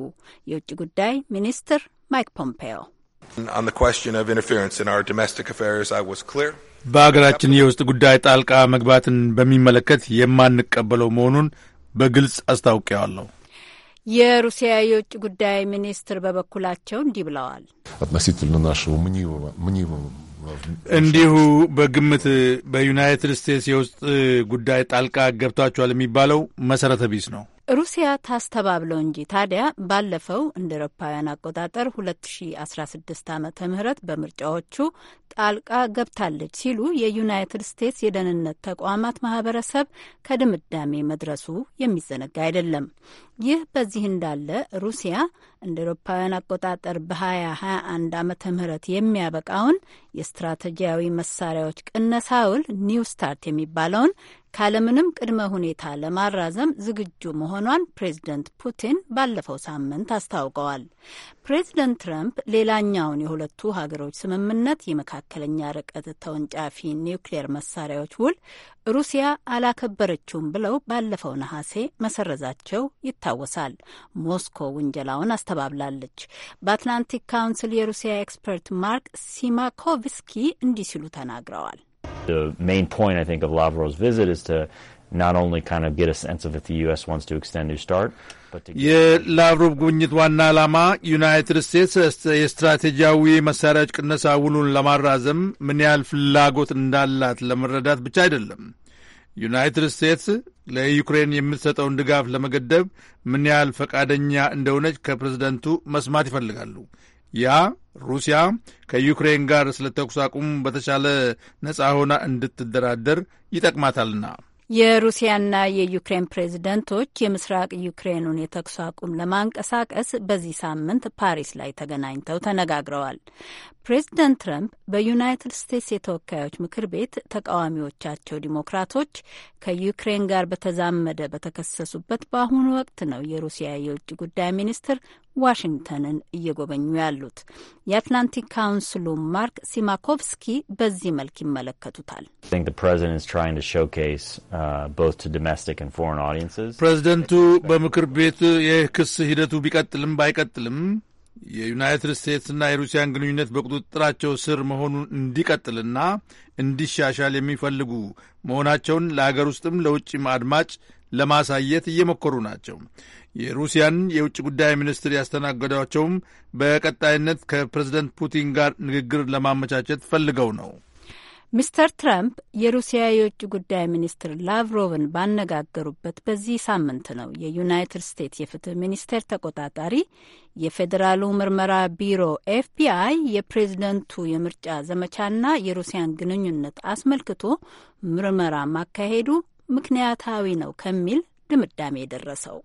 የውጭ ጉዳይ ሚኒስትር ማይክ ፖምፔዮ On the question of interference in our domestic affairs, I was clear. በሀገራችን የውስጥ ጉዳይ ጣልቃ መግባትን በሚመለከት የማንቀበለው መሆኑን በግልጽ አስታውቂያለሁ። የሩሲያ የውጭ ጉዳይ ሚኒስትር በበኩላቸው እንዲህ ብለዋል። እንዲሁ በግምት በዩናይትድ ስቴትስ የውስጥ ጉዳይ ጣልቃ ገብታችኋል የሚባለው መሰረተ ቢስ ነው። ሩሲያ ታስተባብለው እንጂ ታዲያ ባለፈው እንደ ኤሮፓውያን አቆጣጠር 2016 ዓ ምህረት በምርጫዎቹ ጣልቃ ገብታለች ሲሉ የዩናይትድ ስቴትስ የደህንነት ተቋማት ማህበረሰብ ከድምዳሜ መድረሱ የሚዘነጋ አይደለም። ይህ በዚህ እንዳለ ሩሲያ እንደ ኤሮፓውያን አቆጣጠር በ2021 ዓ ምህረት የሚያበቃውን የስትራቴጂያዊ መሳሪያዎች ቅነሳ ውል ኒው ስታርት የሚባለውን ካለምንም ቅድመ ሁኔታ ለማራዘም ዝግጁ መሆኗን ፕሬዝደንት ፑቲን ባለፈው ሳምንት አስታውቀዋል። ፕሬዝደንት ትራምፕ ሌላኛውን የሁለቱ ሀገሮች ስምምነት የመካከለኛ ርቀት ተወንጫፊ ኒውክሌር መሳሪያዎች ውል ሩሲያ አላከበረችውም ብለው ባለፈው ነሐሴ መሰረዛቸው ይታወሳል። ሞስኮ ውንጀላውን አስተባብላለች። በአትላንቲክ ካውንስል የሩሲያ ኤክስፐርት ማርክ ሲማኮቭስኪ እንዲህ ሲሉ ተናግረዋል። The main point, I think, of Lavrov's visit is to not only kind of get a sense of if the U.S. wants to extend New START, but to የላቭሮቭ ጉብኝት ዋና ዓላማ ዩናይትድ ስቴትስ የስትራቴጂያዊ መሳሪያዎች ቅነሳ ውሉን ለማራዘም ምን ያህል ፍላጎት እንዳላት ለመረዳት ብቻ አይደለም። ዩናይትድ ስቴትስ ለዩክሬን የምትሰጠውን ድጋፍ ለመገደብ ምን ያህል ፈቃደኛ እንደሆነች ከፕሬዝደንቱ መስማት ይፈልጋሉ። ያ ሩሲያ ከዩክሬን ጋር ስለ ተኩስ አቁም በተሻለ ነጻ ሆና እንድትደራደር ይጠቅማታልና። የሩሲያና የዩክሬን ፕሬዝደንቶች የምስራቅ ዩክሬኑን የተኩስ አቁም ለማንቀሳቀስ በዚህ ሳምንት ፓሪስ ላይ ተገናኝተው ተነጋግረዋል። ፕሬዝደንት ትራምፕ በዩናይትድ ስቴትስ የተወካዮች ምክር ቤት ተቃዋሚዎቻቸው ዲሞክራቶች ከዩክሬን ጋር በተዛመደ በተከሰሱበት በአሁኑ ወቅት ነው የሩሲያ የውጭ ጉዳይ ሚኒስትር ዋሽንግተንን እየጎበኙ ያሉት። የአትላንቲክ ካውንስሉ ማርክ ሲማኮቭስኪ በዚህ መልክ ይመለከቱታል። uh, ፕሬዝደንቱ በምክር ቤት የክስ ሂደቱ ቢቀጥልም ባይቀጥልም የዩናይትድ ስቴትስና የሩሲያን ግንኙነት በቁጥጥራቸው ስር መሆኑን እንዲቀጥልና እንዲሻሻል የሚፈልጉ መሆናቸውን ለአገር ውስጥም ለውጭም አድማጭ ለማሳየት እየሞከሩ ናቸው። የሩሲያን የውጭ ጉዳይ ሚኒስትር ያስተናገዷቸውም በቀጣይነት ከፕሬዝደንት ፑቲን ጋር ንግግር ለማመቻቸት ፈልገው ነው። ሚስተር ትራምፕ የሩሲያ የውጭ ጉዳይ ሚኒስትር ላቭሮቭን ባነጋገሩበት በዚህ ሳምንት ነው የዩናይትድ ስቴትስ የፍትህ ሚኒስቴር ተቆጣጣሪ የፌዴራሉ ምርመራ ቢሮ ኤፍቢአይ የፕሬዝደንቱ የምርጫ ዘመቻና የሩሲያን ግንኙነት አስመልክቶ ምርመራ ማካሄዱ ምክንያታዊ ነው ከሚል ድምዳሜ የደረሰው።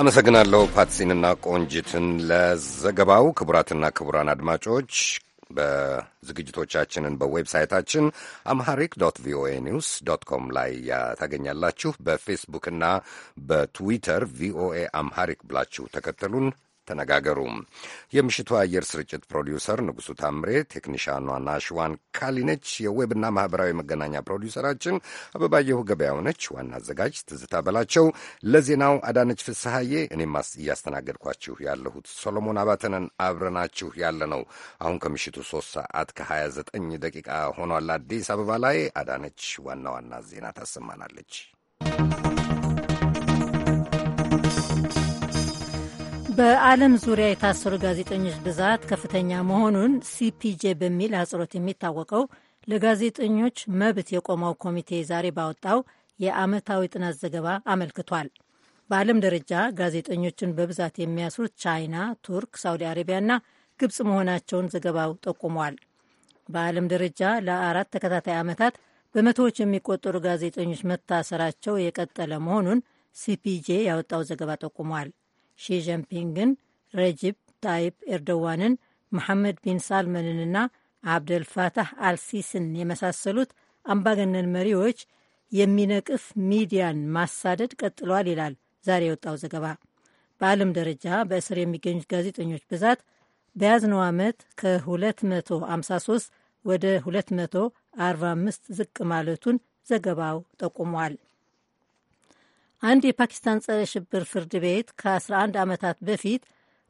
አመሰግናለሁ ፓትሲንና ቆንጅትን ለዘገባው። ክቡራትና ክቡራን አድማጮች በዝግጅቶቻችንን በዌብሳይታችን አምሃሪክ ዶት ቪኦኤ ኒውስ ዶት ኮም ላይ ታገኛላችሁ። በፌስቡክና በትዊተር ቪኦኤ አምሃሪክ ብላችሁ ተከተሉን፣ ተነጋገሩ። የምሽቱ አየር ስርጭት ፕሮዲውሰር ንጉሡ ታምሬ፣ ቴክኒሻኗ ናሽዋን ካሊነች፣ የዌብና ማኅበራዊ መገናኛ ፕሮዲውሰራችን አበባየሁ ገበያው ነች። ዋና አዘጋጅ ትዝታ በላቸው፣ ለዜናው አዳነች ፍስሐዬ፣ እኔም እያስተናገድኳችሁ ያለሁት ሶሎሞን አባተንን አብረናችሁ ያለ ነው። አሁን ከምሽቱ ሶስት ሰዓት ከ29 ደቂቃ ሆኗል። አዲስ አበባ ላይ አዳነች ዋና ዋና ዜና ታሰማናለች። በዓለም ዙሪያ የታሰሩ ጋዜጠኞች ብዛት ከፍተኛ መሆኑን ሲፒጄ በሚል አጽሮት የሚታወቀው ለጋዜጠኞች መብት የቆመው ኮሚቴ ዛሬ ባወጣው የዓመታዊ ጥናት ዘገባ አመልክቷል። በዓለም ደረጃ ጋዜጠኞችን በብዛት የሚያስሩት ቻይና፣ ቱርክ፣ ሳውዲ አረቢያና ግብፅ መሆናቸውን ዘገባው ጠቁሟል። በዓለም ደረጃ ለአራት ተከታታይ ዓመታት በመቶዎች የሚቆጠሩ ጋዜጠኞች መታሰራቸው የቀጠለ መሆኑን ሲፒጄ ያወጣው ዘገባ ጠቁሟል። ሺጂንፒንግን፣ ረጅብ ታይፕ ኤርዶዋንን፣ መሐመድ ቢን ሳልመንንና አብደልፋታህ አልሲስን የመሳሰሉት አምባገነን መሪዎች የሚነቅፍ ሚዲያን ማሳደድ ቀጥሏል ይላል ዛሬ የወጣው ዘገባ። በዓለም ደረጃ በእስር የሚገኙት ጋዜጠኞች ብዛት በያዝነው ዓመት ከ253 ወደ 245 ዝቅ ማለቱን ዘገባው ጠቁሟል። አንድ የፓኪስታን ጸረ ሽብር ፍርድ ቤት ከ11 ዓመታት በፊት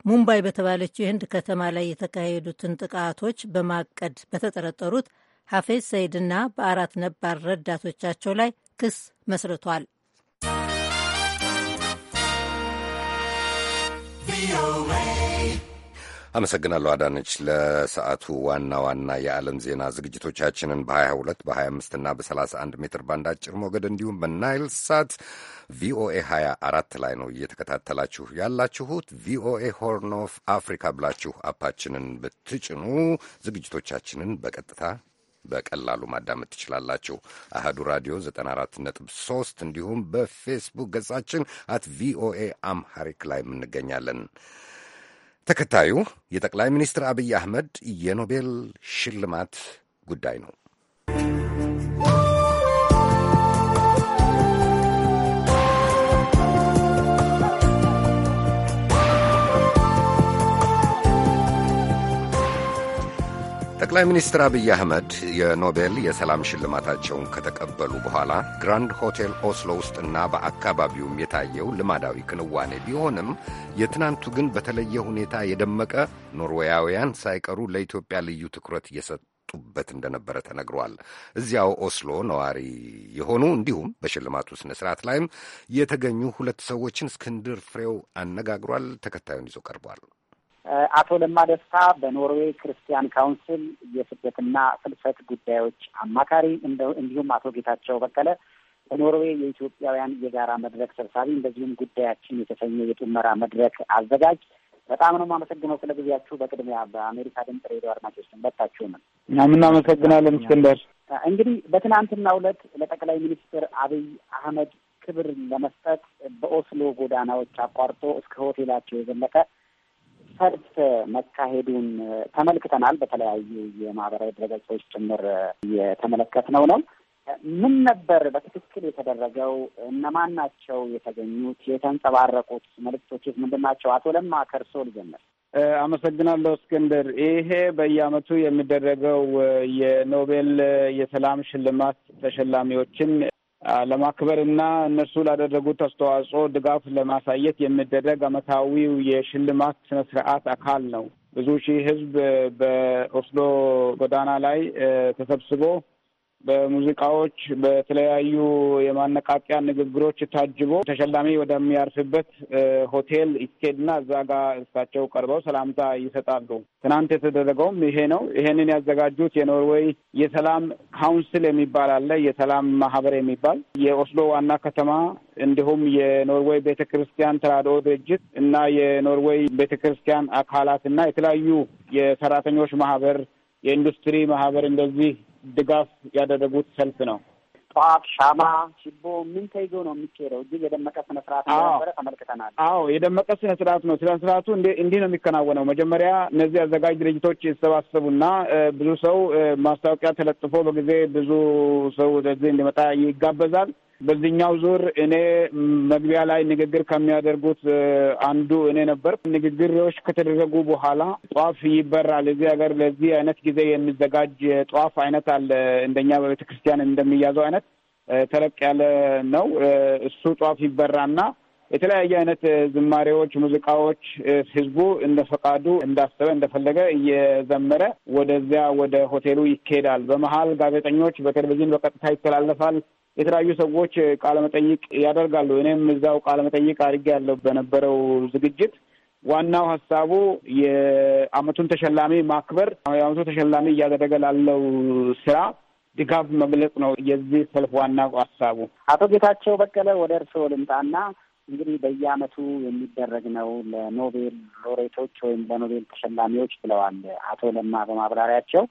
ሙምባይ በተባለችው የህንድ ከተማ ላይ የተካሄዱትን ጥቃቶች በማቀድ በተጠረጠሩት ሐፌዝ ሰይድና በአራት ነባር ረዳቶቻቸው ላይ ክስ መስርቷል። ቪኦኤ አመሰግናለሁ አዳነች። ለሰዓቱ ዋና ዋና የዓለም ዜና ዝግጅቶቻችንን በ22 በ25 እና በ31 ሜትር ባንድ አጭር ሞገድ እንዲሁም በናይል ሳት ቪኦኤ 24 ላይ ነው እየተከታተላችሁ ያላችሁት። ቪኦኤ ሆርን ኦፍ አፍሪካ ብላችሁ አፓችንን ብትጭኑ ዝግጅቶቻችንን በቀጥታ በቀላሉ ማዳመጥ ትችላላችሁ። አህዱ ራዲዮ 94.3 እንዲሁም በፌስቡክ ገጻችን አት ቪኦኤ አምሃሪክ ላይ እንገኛለን። ተከታዩ የጠቅላይ ሚኒስትር አብይ አህመድ የኖቤል ሽልማት ጉዳይ ነው። ጠቅላይ ሚኒስትር አብይ አህመድ የኖቤል የሰላም ሽልማታቸውን ከተቀበሉ በኋላ ግራንድ ሆቴል ኦስሎ ውስጥና በአካባቢውም የታየው ልማዳዊ ክንዋኔ ቢሆንም የትናንቱ ግን በተለየ ሁኔታ የደመቀ ኖርዌያውያን ሳይቀሩ ለኢትዮጵያ ልዩ ትኩረት እየሰጡበት እንደነበረ ተነግሯል። እዚያው ኦስሎ ነዋሪ የሆኑ እንዲሁም በሽልማቱ ስነ ስርዓት ላይም የተገኙ ሁለት ሰዎችን እስክንድር ፍሬው አነጋግሯል። ተከታዩን ይዞ ቀርቧል። አቶ ለማ ደስታ በኖርዌይ ክርስቲያን ካውንስል የስደትና ፍልሰት ጉዳዮች አማካሪ፣ እንዲሁም አቶ ጌታቸው በቀለ በኖርዌይ የኢትዮጵያውያን የጋራ መድረክ ሰብሳቢ፣ እንደዚሁም ጉዳያችን የተሰኘ የጡመራ መድረክ አዘጋጅ በጣም ነው የማመሰግነው ስለ ጊዜያችሁ። በቅድሚያ በአሜሪካ ድምጽ ሬዲዮ አድማጮች ሁለታችሁንም እናመሰግናለን። እስክንደር እንግዲህ በትናንትናው ዕለት ለጠቅላይ ሚኒስትር አብይ አህመድ ክብር ለመስጠት በኦስሎ ጎዳናዎች አቋርጦ እስከ ሆቴላቸው የዘለቀ ሰልፍ መካሄዱን ተመልክተናል። በተለያዩ የማህበራዊ ድረገጾች ጭምር የተመለከትነው ነው። ምን ነበር በትክክል የተደረገው? እነማን ናቸው የተገኙት? የተንጸባረቁት መልእክቶችስ ምንድን ናቸው? አቶ ለማ ከርሶ ልጀምር። አመሰግናለሁ እስክንድር። ይሄ በየዓመቱ የሚደረገው የኖቤል የሰላም ሽልማት ተሸላሚዎችን ለማክበር እና እነሱ ላደረጉት አስተዋጽኦ ድጋፍ ለማሳየት የሚደረግ ዓመታዊው የሽልማት ስነ ስርዓት አካል ነው። ብዙ ሺህ ህዝብ በኦስሎ ጎዳና ላይ ተሰብስቦ በሙዚቃዎች በተለያዩ የማነቃቂያ ንግግሮች ታጅቦ ተሸላሚ ወደሚያርፍበት ሆቴል ይኬድና እዛ ጋር እሳቸው ቀርበው ሰላምታ ይሰጣሉ። ትናንት የተደረገውም ይሄ ነው። ይሄንን ያዘጋጁት የኖርዌይ የሰላም ካውንስል የሚባል አለ፣ የሰላም ማህበር የሚባል የኦስሎ ዋና ከተማ እንዲሁም የኖርዌይ ቤተ ክርስቲያን ተራድኦ ድርጅት እና የኖርዌይ ቤተ ክርስቲያን አካላት እና የተለያዩ የሰራተኞች ማህበር የኢንዱስትሪ ማህበር እንደዚህ ድጋፍ ያደረጉት ሰልፍ ነው። ጠዋት ሻማ፣ ችቦ ምን ተይዞ ነው የሚካሄደው? እጅግ የደመቀ ስነ ስርዓት እንደነበረ ተመልክተናል። አዎ የደመቀ ስነ ስርዓት ነው። ስነ ስርዓቱ እንዲህ ነው የሚከናወነው። መጀመሪያ እነዚህ አዘጋጅ ድርጅቶች ይሰባሰቡና ብዙ ሰው ማስታወቂያ ተለጥፎ በጊዜ ብዙ ሰው እዚህ እንዲመጣ ይጋበዛል። በዚህኛው ዙር እኔ መግቢያ ላይ ንግግር ከሚያደርጉት አንዱ እኔ ነበር። ንግግሮች ከተደረጉ በኋላ ጧፍ ይበራል። እዚህ ሀገር ለዚህ አይነት ጊዜ የሚዘጋጅ ጧፍ አይነት አለ። እንደኛ በቤተ ክርስቲያን እንደሚያዘው አይነት ተለቅ ያለ ነው። እሱ ጧፍ ይበራና የተለያየ አይነት ዝማሬዎች፣ ሙዚቃዎች ህዝቡ እንደ ፈቃዱ እንዳሰበ እንደፈለገ እየዘመረ ወደዚያ ወደ ሆቴሉ ይካሄዳል። በመሀል ጋዜጠኞች በቴሌቪዥን በቀጥታ ይተላለፋል። የተለያዩ ሰዎች ቃለመጠይቅ ያደርጋሉ። እኔም እዛው ቃለመጠይቅ አድርጌ ያለው በነበረው ዝግጅት ዋናው ሀሳቡ የአመቱን ተሸላሚ ማክበር፣ የአመቱ ተሸላሚ እያደረገ ላለው ስራ ድጋፍ መግለጽ ነው የዚህ ሰልፍ ዋናው ሀሳቡ። አቶ ጌታቸው በቀለ ወደ እርስዎ ልምጣና እንግዲህ በየአመቱ የሚደረግ ነው ለኖቤል ሎሬቶች ወይም ለኖቤል ተሸላሚዎች ብለዋል አቶ ለማ በማብራሪያቸው።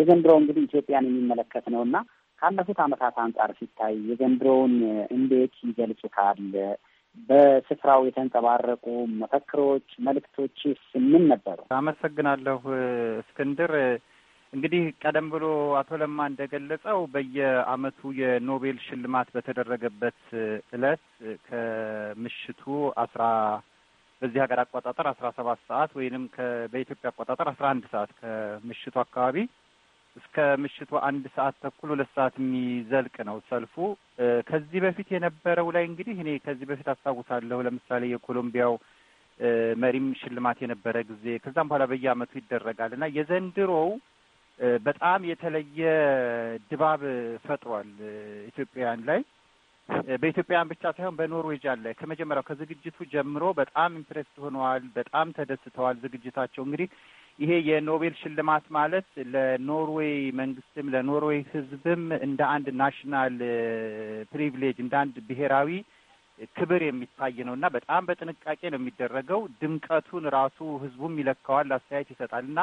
የዘንድሮ እንግዲህ ኢትዮጵያን የሚመለከት ነው እና ካለፉት ዓመታት አንጻር ሲታይ የዘንድሮውን እንዴት ይገልጹታል? በስፍራው የተንጸባረቁ መፈክሮች፣ መልእክቶች ምን ነበሩ? አመሰግናለሁ እስክንድር። እንግዲህ ቀደም ብሎ አቶ ለማ እንደገለጸው በየዓመቱ የኖቤል ሽልማት በተደረገበት እለት ከምሽቱ አስራ በዚህ ሀገር አቆጣጠር አስራ ሰባት ሰዓት ወይንም በኢትዮጵያ አቆጣጠር አስራ አንድ ሰዓት ከምሽቱ አካባቢ እስከ ምሽቱ አንድ ሰዓት ተኩል ሁለት ሰዓት የሚዘልቅ ነው ሰልፉ። ከዚህ በፊት የነበረው ላይ እንግዲህ እኔ ከዚህ በፊት አስታውሳለሁ። ለምሳሌ የኮሎምቢያው መሪም ሽልማት የነበረ ጊዜ ከዛም በኋላ በየዓመቱ ይደረጋል እና የዘንድሮው በጣም የተለየ ድባብ ፈጥሯል ኢትዮጵያውያን ላይ በኢትዮጵያውያን ብቻ ሳይሆን በኖርዌጂያን ላይ ከመጀመሪያው ከዝግጅቱ ጀምሮ በጣም ኢምፕሬስ ሆነዋል። በጣም ተደስተዋል። ዝግጅታቸው እንግዲህ ይሄ የኖቤል ሽልማት ማለት ለኖርዌይ መንግስትም ለኖርዌይ ህዝብም እንደ አንድ ናሽናል ፕሪቪሌጅ እንደ አንድ ብሔራዊ ክብር የሚታይ ነው እና በጣም በጥንቃቄ ነው የሚደረገው። ድምቀቱን ራሱ ህዝቡም ይለካዋል፣ አስተያየት ይሰጣል እና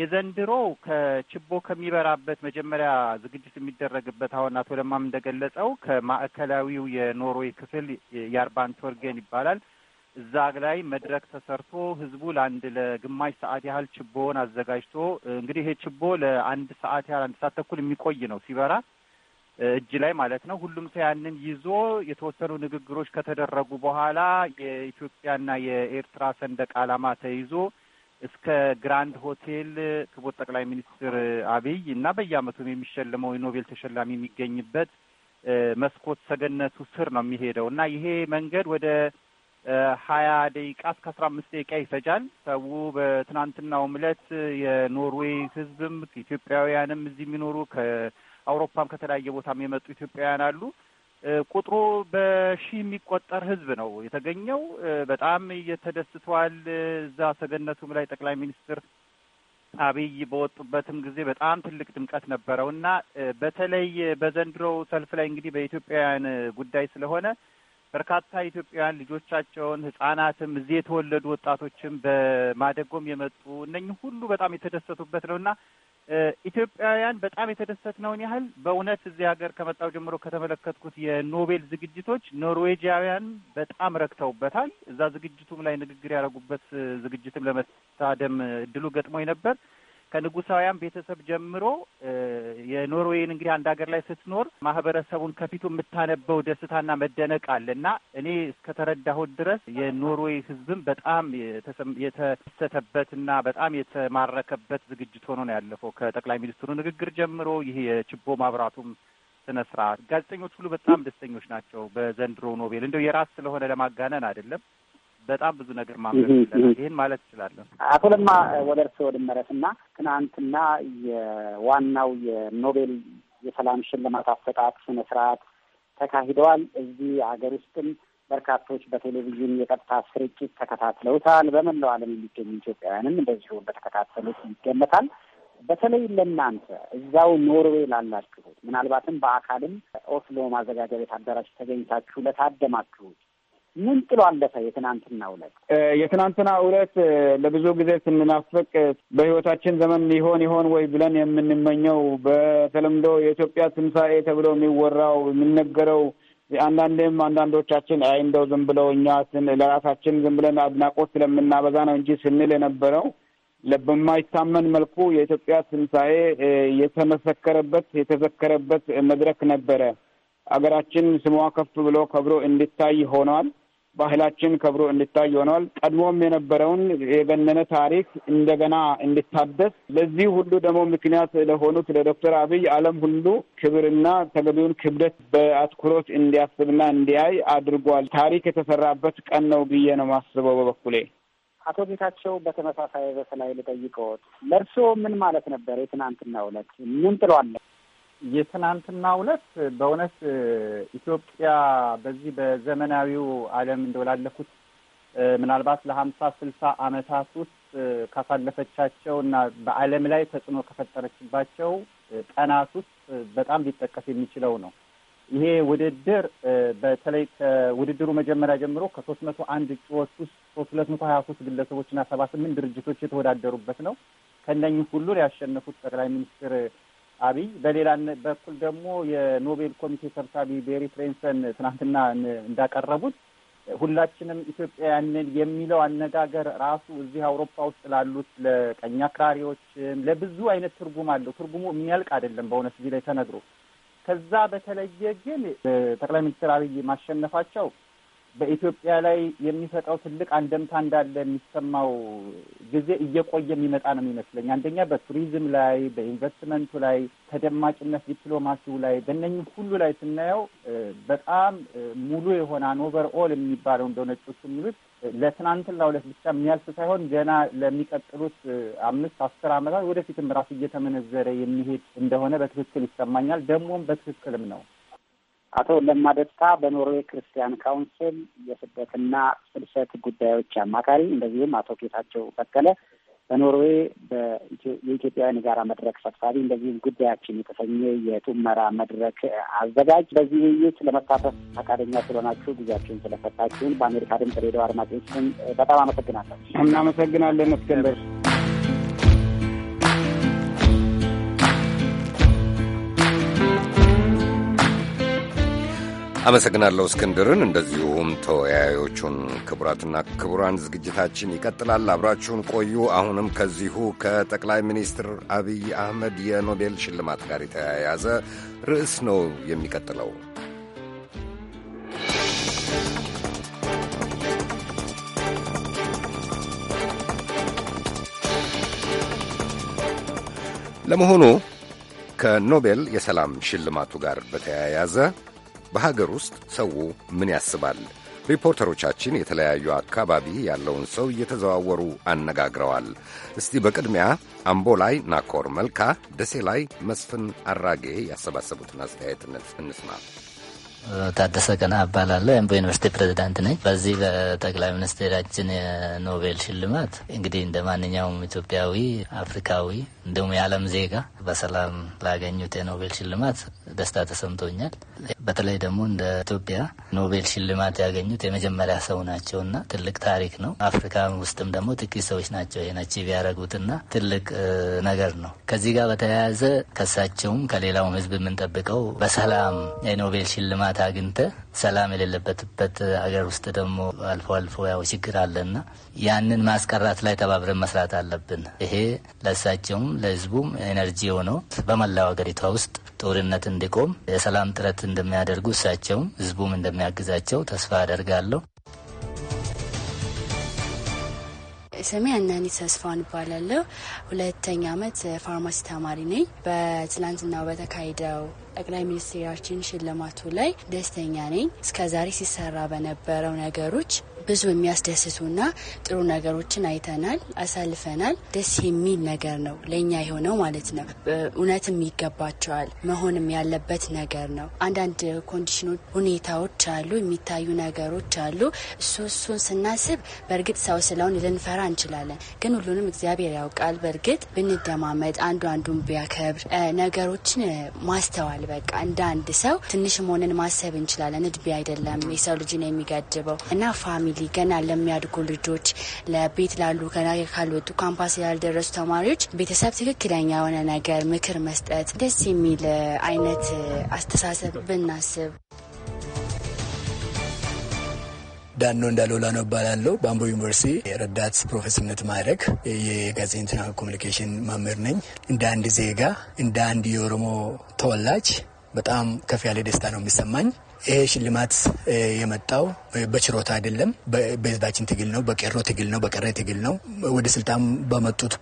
የዘንድሮ ከችቦ ከሚበራበት መጀመሪያ ዝግጅት የሚደረግበት አሁን አቶ ለማም እንደገለጸው ከማዕከላዊው የኖርዌይ ክፍል የአርባንትወርጌን ይባላል እዛ ላይ መድረክ ተሰርቶ ህዝቡ ለአንድ ለግማሽ ሰዓት ያህል ችቦውን አዘጋጅቶ እንግዲህ ይሄ ችቦ ለአንድ ሰዓት ያህል አንድ ሰዓት ተኩል የሚቆይ ነው ሲበራ እጅ ላይ ማለት ነው። ሁሉም ሰው ያንን ይዞ የተወሰኑ ንግግሮች ከተደረጉ በኋላ የኢትዮጵያና የኤርትራ ሰንደቅ ዓላማ ተይዞ እስከ ግራንድ ሆቴል ክቡር ጠቅላይ ሚኒስትር አብይ እና በየዓመቱም የሚሸልመው የኖቤል ተሸላሚ የሚገኝበት መስኮት ሰገነቱ ስር ነው የሚሄደው እና ይሄ መንገድ ወደ ሀያ ደቂቃ እስከ አስራ አምስት ደቂቃ ይፈጃል። ሰው በትናንትናውም ዕለት የኖርዌይ ህዝብም ኢትዮጵያውያንም እዚህ የሚኖሩ ከአውሮፓም ከተለያየ ቦታም የመጡ ኢትዮጵያውያን አሉ። ቁጥሩ በሺ የሚቆጠር ህዝብ ነው የተገኘው። በጣም እየተደስቷል። እዛ ሰገነቱም ላይ ጠቅላይ ሚኒስትር አብይ በወጡበትም ጊዜ በጣም ትልቅ ድምቀት ነበረው እና በተለይ በዘንድሮው ሰልፍ ላይ እንግዲህ በኢትዮጵያውያን ጉዳይ ስለሆነ በርካታ ኢትዮጵያውያን ልጆቻቸውን ህጻናትም እዚህ የተወለዱ ወጣቶችም በማደጎም የመጡ እነኝህ ሁሉ በጣም የተደሰቱበት ነው እና ኢትዮጵያውያን በጣም የተደሰትነውን ያህል በእውነት እዚህ ሀገር ከመጣው ጀምሮ ከተመለከትኩት የኖቤል ዝግጅቶች ኖርዌጂያውያን በጣም ረክተውበታል። እዛ ዝግጅቱም ላይ ንግግር ያደረጉበት ዝግጅትም ለመታደም እድሉ ገጥሞኝ ነበር። ከንጉሳውያን ቤተሰብ ጀምሮ የኖርዌይን እንግዲህ አንድ ሀገር ላይ ስትኖር ማህበረሰቡን ከፊቱ የምታነበው ደስታና መደነቅ አለ እና እኔ እስከተረዳሁት ድረስ የኖርዌይ ህዝብም በጣም የተሰተበትና በጣም የተማረከበት ዝግጅት ሆኖ ነው ያለፈው። ከጠቅላይ ሚኒስትሩ ንግግር ጀምሮ ይህ የችቦ ማብራቱም ስነ ስርዓት ጋዜጠኞች ሁሉ በጣም ደስተኞች ናቸው በዘንድሮ ኖቤል። እንደው የራስ ስለሆነ ለማጋነን አይደለም። በጣም ብዙ ነገር ማምረት ይህን ማለት እችላለሁ። አቶ ለማ ወደ እርስዎ ልመለስ እና ትናንትና የዋናው የኖቤል የሰላም ሽልማት አሰጣጥ ስነ ስርዓት ተካሂደዋል። እዚህ ሀገር ውስጥም በርካቶች በቴሌቪዥን የቀጥታ ስርጭት ተከታትለውታል። በመላው ዓለም የሚገኙ ኢትዮጵያውያንም እንደዚሁ በተከታተሉት ይገመታል። በተለይ ለእናንተ እዛው ኖርዌይ ላላችሁት ምናልባትም በአካልም ኦስሎ ማዘጋጃ ቤት አዳራሽ ተገኝታችሁ ለታደማችሁት ምን ጥሎ አለፈ? የትናንትና እውለት የትናንትና እውለት ለብዙ ጊዜ ስንናፍቅ በህይወታችን ዘመን ሊሆን ይሆን ወይ ብለን የምንመኘው በተለምዶ የኢትዮጵያ ትንሣኤ ተብሎ የሚወራው የሚነገረው አንዳንድም አንዳንዶቻችን አይ እንደው ዝም ብለው እኛ ለራሳችን ዝም ብለን አድናቆት ስለምናበዛ ነው እንጂ ስንል የነበረው በማይታመን መልኩ የኢትዮጵያ ትንሣኤ የተመሰከረበት የተዘከረበት መድረክ ነበረ። አገራችን ስሟ ከፍ ብሎ ከብሮ እንዲታይ ሆኗል። ባህላችን ከብሮ እንዲታይ ሆነዋል። ቀድሞም የነበረውን የገነነ ታሪክ እንደገና እንዲታደስ ለዚህ ሁሉ ደግሞ ምክንያት ለሆኑት ለዶክተር አብይ ዓለም ሁሉ ክብርና ተገቢውን ክብደት በአትኩሮት እንዲያስብና እንዲያይ አድርጓል። ታሪክ የተሰራበት ቀን ነው ብዬ ነው ማስበው በበኩሌ። አቶ ጌታቸው በተመሳሳይ ርዕስ ላይ ልጠይቅዎት፣ ለእርስዎ ምን ማለት ነበር የትናንትና ዕለት? ምን ጥሏለን? የትናንትና እውነት በእውነት ኢትዮጵያ በዚህ በዘመናዊው ዓለም እንደው ምናልባት ለሀምሳ ስልሳ ዓመታት ውስጥ ካሳለፈቻቸው እና በዓለም ላይ ተጽዕኖ ከፈጠረችባቸው ቀናት ውስጥ በጣም ሊጠቀስ የሚችለው ነው። ይሄ ውድድር በተለይ ከውድድሩ መጀመሪያ ጀምሮ ከሶስት መቶ አንድ እጩዎች ውስጥ ሁለት መቶ ሀያ ሶስት ግለሰቦችና ሰባ ስምንት ድርጅቶች የተወዳደሩበት ነው። ከነኝህ ሁሉ ያሸነፉት ጠቅላይ ሚኒስትር አብይ በሌላ በኩል ደግሞ የኖቤል ኮሚቴ ሰብሳቢ ቤሪ ፍሬንሰን ትናንትና እንዳቀረቡት ሁላችንም ኢትዮጵያውያንን የሚለው አነጋገር ራሱ እዚህ አውሮፓ ውስጥ ላሉት ለቀኝ አክራሪዎችም ለብዙ አይነት ትርጉም አለው። ትርጉሙ የሚያልቅ አይደለም በእውነት እዚህ ላይ ተነግሮ ከዛ በተለየ ግን ጠቅላይ ሚኒስትር አብይ ማሸነፋቸው በኢትዮጵያ ላይ የሚሰጠው ትልቅ አንደምታ እንዳለ የሚሰማው ጊዜ እየቆየ የሚመጣ ነው የሚመስለኝ። አንደኛ በቱሪዝም ላይ፣ በኢንቨስትመንቱ ላይ፣ ተደማጭነት ዲፕሎማሲው ላይ በእነኝህ ሁሉ ላይ ስናየው በጣም ሙሉ የሆነ አን ኦቨር ኦል የሚባለው እንደ ነጮቹ የሚሉት ለትናንትና ሁለት ብቻ የሚያልፍ ሳይሆን ገና ለሚቀጥሉት አምስት አስር ዓመታት ወደፊትም ራሱ እየተመነዘረ የሚሄድ እንደሆነ በትክክል ይሰማኛል። ደግሞም በትክክልም ነው። አቶ ለማ ደስታ በኖርዌይ ክርስቲያን ካውንስል የስደትና ፍልሰት ጉዳዮች አማካሪ፣ እንደዚሁም አቶ ጌታቸው በቀለ በኖርዌይ የኢትዮጵያውያን የጋራ መድረክ ሰብሳቢ፣ እንደዚሁም ጉዳያችን የተሰኘ የጡመራ መድረክ አዘጋጅ፣ በዚህ ውይይት ለመሳተፍ ፈቃደኛ ስለሆናችሁ ጊዜያችሁን ስለሰጣችሁን በአሜሪካ ድምፅ ሬዲዮ አድማጮች ስም በጣም አመሰግናለሁ። እናመሰግናለን እስክንድር። አመሰግናለሁ እስክንድርን፣ እንደዚሁም ተወያዮቹን። ክቡራትና ክቡራን ዝግጅታችን ይቀጥላል። አብራችሁን ቆዩ። አሁንም ከዚሁ ከጠቅላይ ሚኒስትር አብይ አህመድ የኖቤል ሽልማት ጋር የተያያዘ ርዕስ ነው የሚቀጥለው። ለመሆኑ ከኖቤል የሰላም ሽልማቱ ጋር በተያያዘ በሀገር ውስጥ ሰው ምን ያስባል? ሪፖርተሮቻችን የተለያዩ አካባቢ ያለውን ሰው እየተዘዋወሩ አነጋግረዋል። እስቲ በቅድሚያ አምቦ ላይ ናኮር መልካ፣ ደሴ ላይ መስፍን አራጌ ያሰባሰቡትን አስተያየት እንስማ። ታደሰ ቀና እባላለሁ። የአምቦ ዩኒቨርሲቲ ፕሬዚዳንት ነኝ። በዚህ በጠቅላይ ሚኒስቴራችን የኖቤል ሽልማት እንግዲህ እንደ ማንኛውም ኢትዮጵያዊ፣ አፍሪካዊ እንዲሁም የዓለም ዜጋ በሰላም ላገኙት የኖቤል ሽልማት ደስታ ተሰምቶኛል። በተለይ ደግሞ እንደ ኢትዮጵያ ኖቤል ሽልማት ያገኙት የመጀመሪያ ሰው እና ትልቅ ታሪክ ነው። አፍሪካ ውስጥም ደግሞ ጥቂት ሰዎች ናቸው ይህን አቺቭ ያደረጉትና ትልቅ ነገር ነው። ከዚህ ጋር በተያያዘ ከሳቸውም ከሌላውም ህዝብ የምንጠብቀው በሰላም የኖቤል ሽልማት አግኝተ ሰላም የሌለበትበት ሀገር ውስጥ ደግሞ አልፎ አልፎ ያው ችግር አለና ያንን ማስቀራት ላይ ተባብረን መስራት አለብን። ይሄ ለእሳቸውም ለህዝቡም ኤነርጂ የሆነው በመላው ሀገሪቷ ውስጥ ጦርነት እንዲቆም የሰላም ጥረት እንደሚያደርጉ እሳቸውም ህዝቡም እንደሚያግዛቸው ተስፋ አደርጋለሁ። ስሜ አናኒ ተስፋን እባላለሁ። ሁለተኛ አመት ፋርማሲ ተማሪ ነኝ። በትላንትናው በተካሄደው ጠቅላይ ሚኒስትራችን ሽልማቱ ላይ ደስተኛ ነኝ። እስከዛሬ ሲሰራ በነበረው ነገሮች ብዙ የሚያስደስቱና ጥሩ ነገሮችን አይተናል፣ አሳልፈናል። ደስ የሚል ነገር ነው ለእኛ የሆነው ማለት ነው። እውነትም ይገባቸዋል መሆንም ያለበት ነገር ነው። አንዳንድ ኮንዲሽኖች፣ ሁኔታዎች አሉ፣ የሚታዩ ነገሮች አሉ። እሱ እሱን ስናስብ በእርግጥ ሰው ስለውን ልንፈራ እንችላለን። ግን ሁሉንም እግዚአብሔር ያውቃል። በእርግጥ ብንደማመጥ፣ አንዱ አንዱን ቢያከብር፣ ነገሮችን ማስተዋል በቃ እንደ አንድ ሰው ትንሽ መሆንን ማሰብ እንችላለን። እድቤ አይደለም የሰው ነው የሚገድበው እና ፋሚሊ ገና ለሚያድጉ ልጆች፣ ለቤት ላሉ ገና ካልወጡ ካምፓስ ያልደረሱ ተማሪዎች ቤተሰብ ትክክለኛ የሆነ ነገር ምክር መስጠት ደስ የሚል አይነት አስተሳሰብ ብናስብ። ዳኖ እንዳልወላ ነው እባላለሁ። በአምቦ ዩኒቨርሲቲ ረዳት ፕሮፌሰርነት ማድረግ የጋዜጠኝነትና ኮሚኒኬሽን መምህር ነኝ። እንደ አንድ ዜጋ፣ እንደ አንድ የኦሮሞ ተወላጅ በጣም ከፍ ያለ ደስታ ነው የሚሰማኝ። ይሄ ሽልማት የመጣው በችሮታ አይደለም፣ በህዝባችን ትግል ነው፣ በቄሮ ትግል ነው፣ በቀረ ትግል ነው። ወደ ስልጣን በመጡት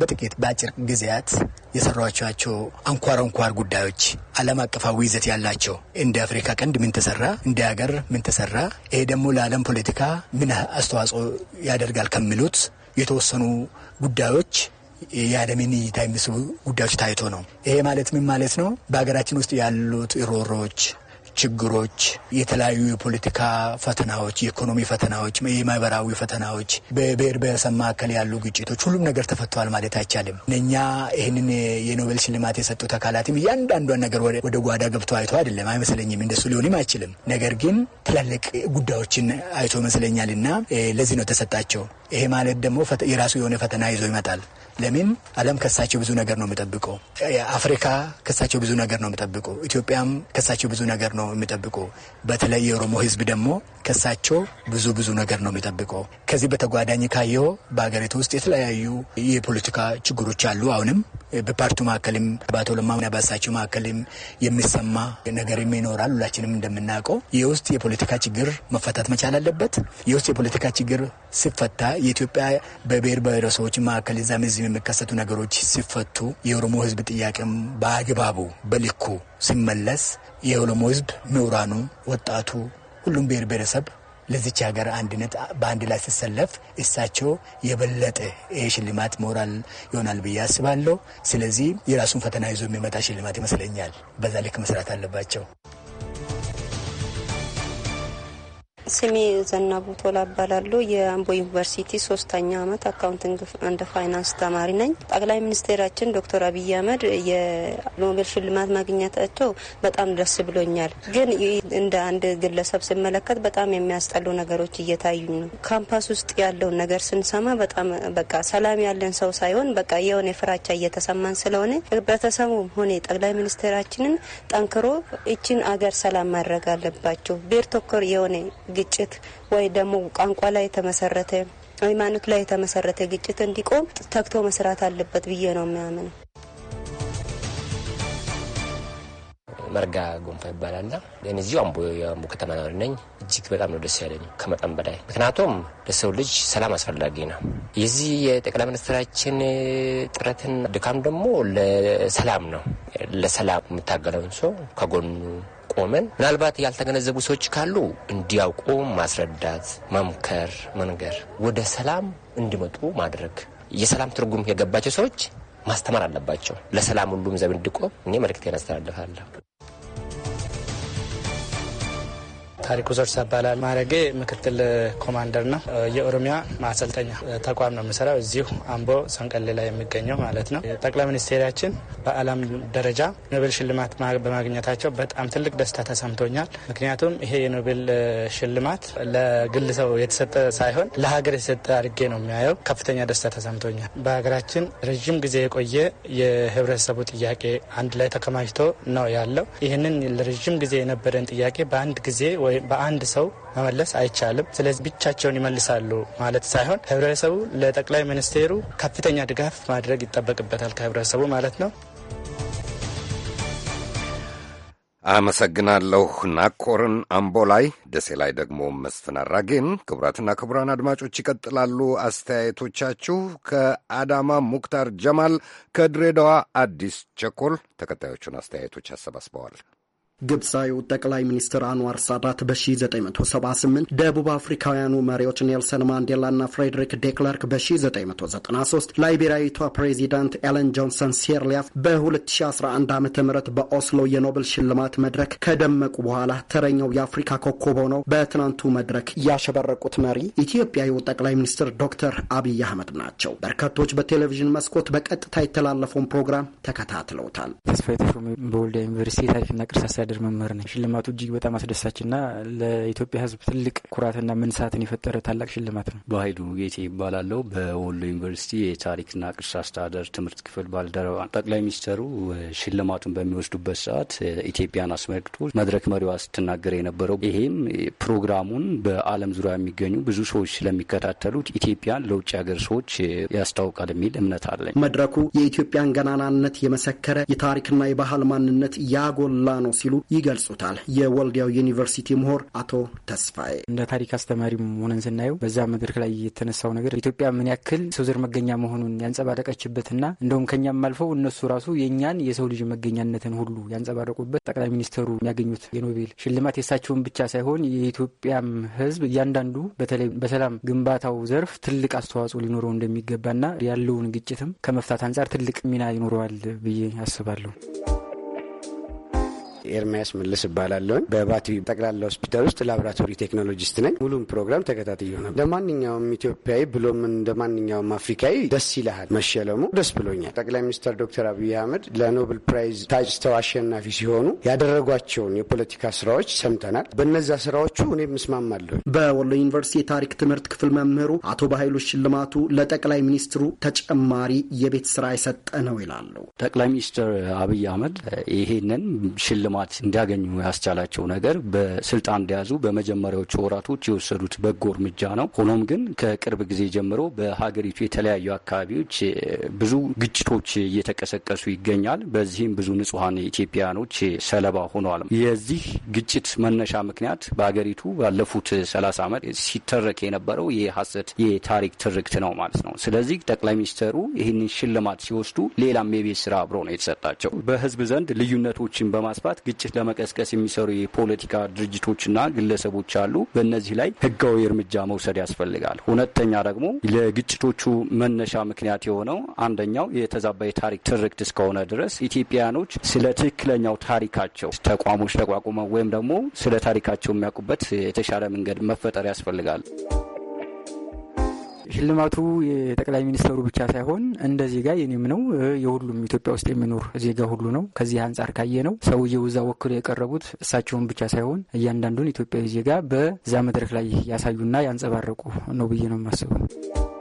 በጥቂት በአጭር ጊዜያት የሰሯቸው አንኳር አንኳር ጉዳዮች ዓለም አቀፋዊ ይዘት ያላቸው እንደ አፍሪካ ቀንድ ምን ተሰራ፣ እንደ ሀገር ምን ተሰራ፣ ይሄ ደግሞ ለዓለም ፖለቲካ ምን አስተዋጽኦ ያደርጋል ከሚሉት የተወሰኑ ጉዳዮች የአለምን እይታ የሚስቡ ጉዳዮች ታይቶ ነው። ይሄ ማለት ምን ማለት ነው? በሀገራችን ውስጥ ያሉት ሮሮዎች ችግሮች፣ የተለያዩ የፖለቲካ ፈተናዎች፣ የኢኮኖሚ ፈተናዎች፣ የማህበራዊ ፈተናዎች፣ በብሔር ብሔረሰብ መካከል ያሉ ግጭቶች፣ ሁሉም ነገር ተፈቷል ማለት አይቻልም። እነኛ ይህንን የኖቤል ሽልማት የሰጡት አካላትም እያንዳንዷን ነገር ወደ ጓዳ ገብቶ አይቶ አይደለም አይመስለኝም፣ እንደሱ ሊሆንም አይችልም። ነገር ግን ትላልቅ ጉዳዮችን አይቶ እና ለዚህ ነው ተሰጣቸው። ይሄ ማለት ደግሞ የራሱ የሆነ ፈተና ይዞ ይመጣል። ለምን ዓለም ከሳቸው ብዙ ነገር ነው የሚጠብቀው። አፍሪካ ከሳቸው ብዙ ነገር ነው የሚጠብቀው። ኢትዮጵያም ከሳቸው ብዙ ነገር ነው የሚጠብቀው። በተለይ የኦሮሞ ሕዝብ ደግሞ ከሳቸው ብዙ ብዙ ነገር ነው የሚጠብቀው። ከዚህ በተጓዳኝ ካየው በሀገሪቱ ውስጥ የተለያዩ የፖለቲካ ችግሮች አሉ አሁንም በፓርቱ መካከልም በአቶ ለማ በሳቸው መካከልም የሚሰማ ነገርም ይኖራል። ሁላችንም እንደምናውቀው የውስጥ የፖለቲካ ችግር መፈታት መቻል አለበት። የውስጥ የፖለቲካ ችግር ሲፈታ የኢትዮጵያ በብሔር ብሔረሰቦች መካከል እዛም እዚህም የሚከሰቱ ነገሮች ሲፈቱ የኦሮሞ ሕዝብ ጥያቄም በአግባቡ በልኩ ሲመለስ የኦሮሞ ሕዝብ ምሁራኑ፣ ወጣቱ፣ ሁሉም ብሔር ብሔረሰብ ለዚች ሀገር አንድነት በአንድ ላይ ስሰለፍ እሳቸው የበለጠ ይህ ሽልማት ሞራል ይሆናል ብዬ አስባለሁ። ስለዚህ የራሱን ፈተና ይዞ የሚመጣ ሽልማት ይመስለኛል። በዛ ልክ መስራት አለባቸው። ስሜ ዘናቡ ቶላ እባላለሁ። የአምቦ ዩኒቨርሲቲ ሶስተኛ ዓመት አካውንቲንግ አንድ ፋይናንስ ተማሪ ነኝ። ጠቅላይ ሚኒስቴራችን ዶክተር አብይ አህመድ የኖቤል ሽልማት ማግኘታቸው በጣም ደስ ብሎኛል። ግን እንደ አንድ ግለሰብ ስመለከት በጣም የሚያስጠሉ ነገሮች እየታዩ ነው። ካምፓስ ውስጥ ያለውን ነገር ስንሰማ በጣም በቃ ሰላም ያለን ሰው ሳይሆን በቃ የሆነ ፍራቻ እየተሰማን ስለሆነ ህብረተሰቡም ሆነ ጠቅላይ ሚኒስቴራችንን ጠንክሮ እችን አገር ሰላም ማድረግ አለባቸው። ብሔር ተኮር የሆነ ግጭት ወይ ደግሞ ቋንቋ ላይ የተመሰረተ ሃይማኖት ላይ የተመሰረተ ግጭት እንዲቆም ተግቶ መስራት አለበት ብዬ ነው የሚያምን መርጋ ጎንፋ ይባላልና እኔ እዚሁ አምቦ የአምቦ ከተማ ነዋሪ ነኝ። እጅግ በጣም ነው ደስ ያለኝ ከመጠን በላይ ምክንያቱም ለሰው ልጅ ሰላም አስፈላጊ ነው። የዚህ የጠቅላይ ሚኒስትራችን ጥረትን ድካም ደግሞ ለሰላም ነው። ለሰላም የምታገለውን ሰው ከጎኑ ቆመን ምናልባት ያልተገነዘቡ ሰዎች ካሉ እንዲያውቁ ማስረዳት፣ መምከር፣ መንገር፣ ወደ ሰላም እንዲመጡ ማድረግ የሰላም ትርጉም የገባቸው ሰዎች ማስተማር አለባቸው። ለሰላም ሁሉም ዘብ እንዲቆም እኔ መልእክቴን አስተላልፋለሁ። ታሪኩ ዞርሳ ይባላል። ማረጌ ምክትል ኮማንደር ነው። የኦሮሚያ ማሰልጠኛ ተቋም ነው የምሰራው እዚሁ አምቦ ሰንቀሌ ላይ የሚገኘው ማለት ነው። ጠቅላይ ሚኒስቴሪያችን በዓለም ደረጃ ኖቤል ሽልማት በማግኘታቸው በጣም ትልቅ ደስታ ተሰምቶኛል። ምክንያቱም ይሄ የኖቤል ሽልማት ለግል ሰው የተሰጠ ሳይሆን ለሀገር የተሰጠ አድርጌ ነው የሚያየው። ከፍተኛ ደስታ ተሰምቶኛል። በሀገራችን ረዥም ጊዜ የቆየ የህብረተሰቡ ጥያቄ አንድ ላይ ተከማችቶ ነው ያለው። ይህንን ለረዥም ጊዜ የነበረን ጥያቄ በአንድ ጊዜ ወይ ወይም በአንድ ሰው መመለስ አይቻልም። ስለዚህ ብቻቸውን ይመልሳሉ ማለት ሳይሆን ህብረተሰቡ ለጠቅላይ ሚኒስቴሩ ከፍተኛ ድጋፍ ማድረግ ይጠበቅበታል ከህብረተሰቡ ማለት ነው። አመሰግናለሁ ናኮርን አምቦ ላይ፣ ደሴ ላይ ደግሞ መስፍን አራጌን። ክቡራትና ክቡራን አድማጮች ይቀጥላሉ አስተያየቶቻችሁ። ከአዳማ ሙክታር ጀማል፣ ከድሬዳዋ አዲስ ቸኮል ተከታዮቹን አስተያየቶች አሰባስበዋል። ግብፃዊው ጠቅላይ ሚኒስትር አንዋር ሳዳት በ1978 ደቡብ አፍሪካውያኑ መሪዎች ኔልሰን ማንዴላና ፍሬድሪክ ዴክለርክ በ1993 ላይቤሪያዊቷ ፕሬዚዳንት ኤለን ጆንሰን ሴርሊያፍ በ2011 ዓ ም በኦስሎ የኖብል ሽልማት መድረክ ከደመቁ በኋላ ተረኛው የአፍሪካ ኮከብ ሆነው በትናንቱ መድረክ ያሸበረቁት መሪ ኢትዮጵያዊው ጠቅላይ ሚኒስትር ዶክተር አብይ አህመድ ናቸው። በርካቶች በቴሌቪዥን መስኮት በቀጥታ የተላለፈውን ፕሮግራም ተከታትለውታል። ተስፋ የተሾመ በወልዲያ ዩኒቨርሲቲ ታሪክና ቅርስ አስተዳደር መምህር ነኝ። ሽልማቱ እጅግ በጣም አስደሳችና ለኢትዮጵያ ሕዝብ ትልቅ ኩራትና ምንሳትን የፈጠረ ታላቅ ሽልማት ነው። በሀይሉ ጌቴ ይባላለው። በወሎ ዩኒቨርሲቲ የታሪክና ቅርስ አስተዳደር ትምህርት ክፍል ባልደረባ። ጠቅላይ ሚኒስትሩ ሽልማቱን በሚወስዱበት ሰዓት ኢትዮጵያን አስመልክቶ መድረክ መሪዋ ስትናገር የነበረው ይሄም ፕሮግራሙን በዓለም ዙሪያ የሚገኙ ብዙ ሰዎች ስለሚከታተሉት ኢትዮጵያን ለውጭ ሀገር ሰዎች ያስታውቃል የሚል እምነት አለኝ። መድረኩ የኢትዮጵያን ገናናነት የመሰከረ የታሪክና የባህል ማንነት ያጎላ ነው ሲሉ ይገልጹታል። የወልዲያው ዩኒቨርሲቲ ምሁር አቶ ተስፋዬ እንደ ታሪክ አስተማሪ ሆነን ስናየው በዛ መድረክ ላይ የተነሳው ነገር ኢትዮጵያ ምን ያክል ሰው ዘር መገኛ መሆኑን ያንጸባረቀችበትና እንደውም ከኛም አልፈው እነሱ ራሱ የእኛን የሰው ልጅ መገኛነትን ሁሉ ያንጸባረቁበት ጠቅላይ ሚኒስትሩ የሚያገኙት የኖቤል ሽልማት የሳቸውን ብቻ ሳይሆን የኢትዮጵያም ሕዝብ እያንዳንዱ በተለይ በሰላም ግንባታው ዘርፍ ትልቅ አስተዋጽኦ ሊኖረው እንደሚገባና ያለውን ግጭትም ከመፍታት አንጻር ትልቅ ሚና ይኖረዋል ብዬ አስባለሁ። ኤርማያስ መለስ እባላለሁ። በባቲ ጠቅላላ ሆስፒታል ውስጥ ላቦራቶሪ ቴክኖሎጂስት ነኝ። ሙሉም ፕሮግራም ተከታትዬ ነው። ለማንኛውም ኢትዮጵያዊ ብሎም እንደ ማንኛውም አፍሪካዊ ደስ ይልሃል መሸለሙ ደስ ብሎኛል። ጠቅላይ ሚኒስትር ዶክተር አብይ አህመድ ለኖብል ፕራይዝ ታጭተው አሸናፊ ሲሆኑ ያደረጓቸውን የፖለቲካ ስራዎች ሰምተናል። በነዛ ስራዎቹ እኔም እስማማለሁ። በወሎ ዩኒቨርሲቲ የታሪክ ትምህርት ክፍል መምህሩ አቶ ባህይሎ ሽልማቱ ለጠቅላይ ሚኒስትሩ ተጨማሪ የቤት ስራ የሰጠ ነው ይላሉ። ጠቅላይ ሚኒስትር አብይ አህመድ ይሄንን ሽልማ ተቋማት እንዲያገኙ ያስቻላቸው ነገር በስልጣን እንደያዙ በመጀመሪያዎቹ ወራቶች የወሰዱት በጎ እርምጃ ነው። ሆኖም ግን ከቅርብ ጊዜ ጀምሮ በሀገሪቱ የተለያዩ አካባቢዎች ብዙ ግጭቶች እየተቀሰቀሱ ይገኛል። በዚህም ብዙ ንጹሐን ኢትዮጵያውያኖች ሰለባ ሆነዋል። የዚህ ግጭት መነሻ ምክንያት በሀገሪቱ ባለፉት ሰላሳ ዓመት ሲተረክ የነበረው የሀሰት የታሪክ ትርክት ነው ማለት ነው። ስለዚህ ጠቅላይ ሚኒስትሩ ይህንን ሽልማት ሲወስዱ ሌላም የቤት ስራ አብሮ ነው የተሰጣቸው። በህዝብ ዘንድ ልዩነቶችን በማስፋት ግጭት ለመቀስቀስ የሚሰሩ የፖለቲካ ድርጅቶችና ግለሰቦች አሉ። በእነዚህ ላይ ህጋዊ እርምጃ መውሰድ ያስፈልጋል። ሁለተኛ ደግሞ ለግጭቶቹ መነሻ ምክንያት የሆነው አንደኛው የተዛባ የታሪክ ትርክት እስከሆነ ድረስ ኢትዮጵያውያኖች ስለ ትክክለኛው ታሪካቸው ተቋሞች ተቋቁመው ወይም ደግሞ ስለ ታሪካቸው የሚያውቁበት የተሻለ መንገድ መፈጠር ያስፈልጋል። ሽልማቱ የጠቅላይ ሚኒስተሩ ብቻ ሳይሆን እንደ ዜጋ የኔም ነው፣ የሁሉም ኢትዮጵያ ውስጥ የሚኖር ዜጋ ሁሉ ነው። ከዚህ አንጻር ካየ ነው ሰውየው እዛ ወክሎ የቀረቡት እሳቸውን ብቻ ሳይሆን እያንዳንዱን ኢትዮጵያዊ ዜጋ በዛ መድረክ ላይ ያሳዩና ያንጸባረቁ ነው ብዬ ነው የማስበው።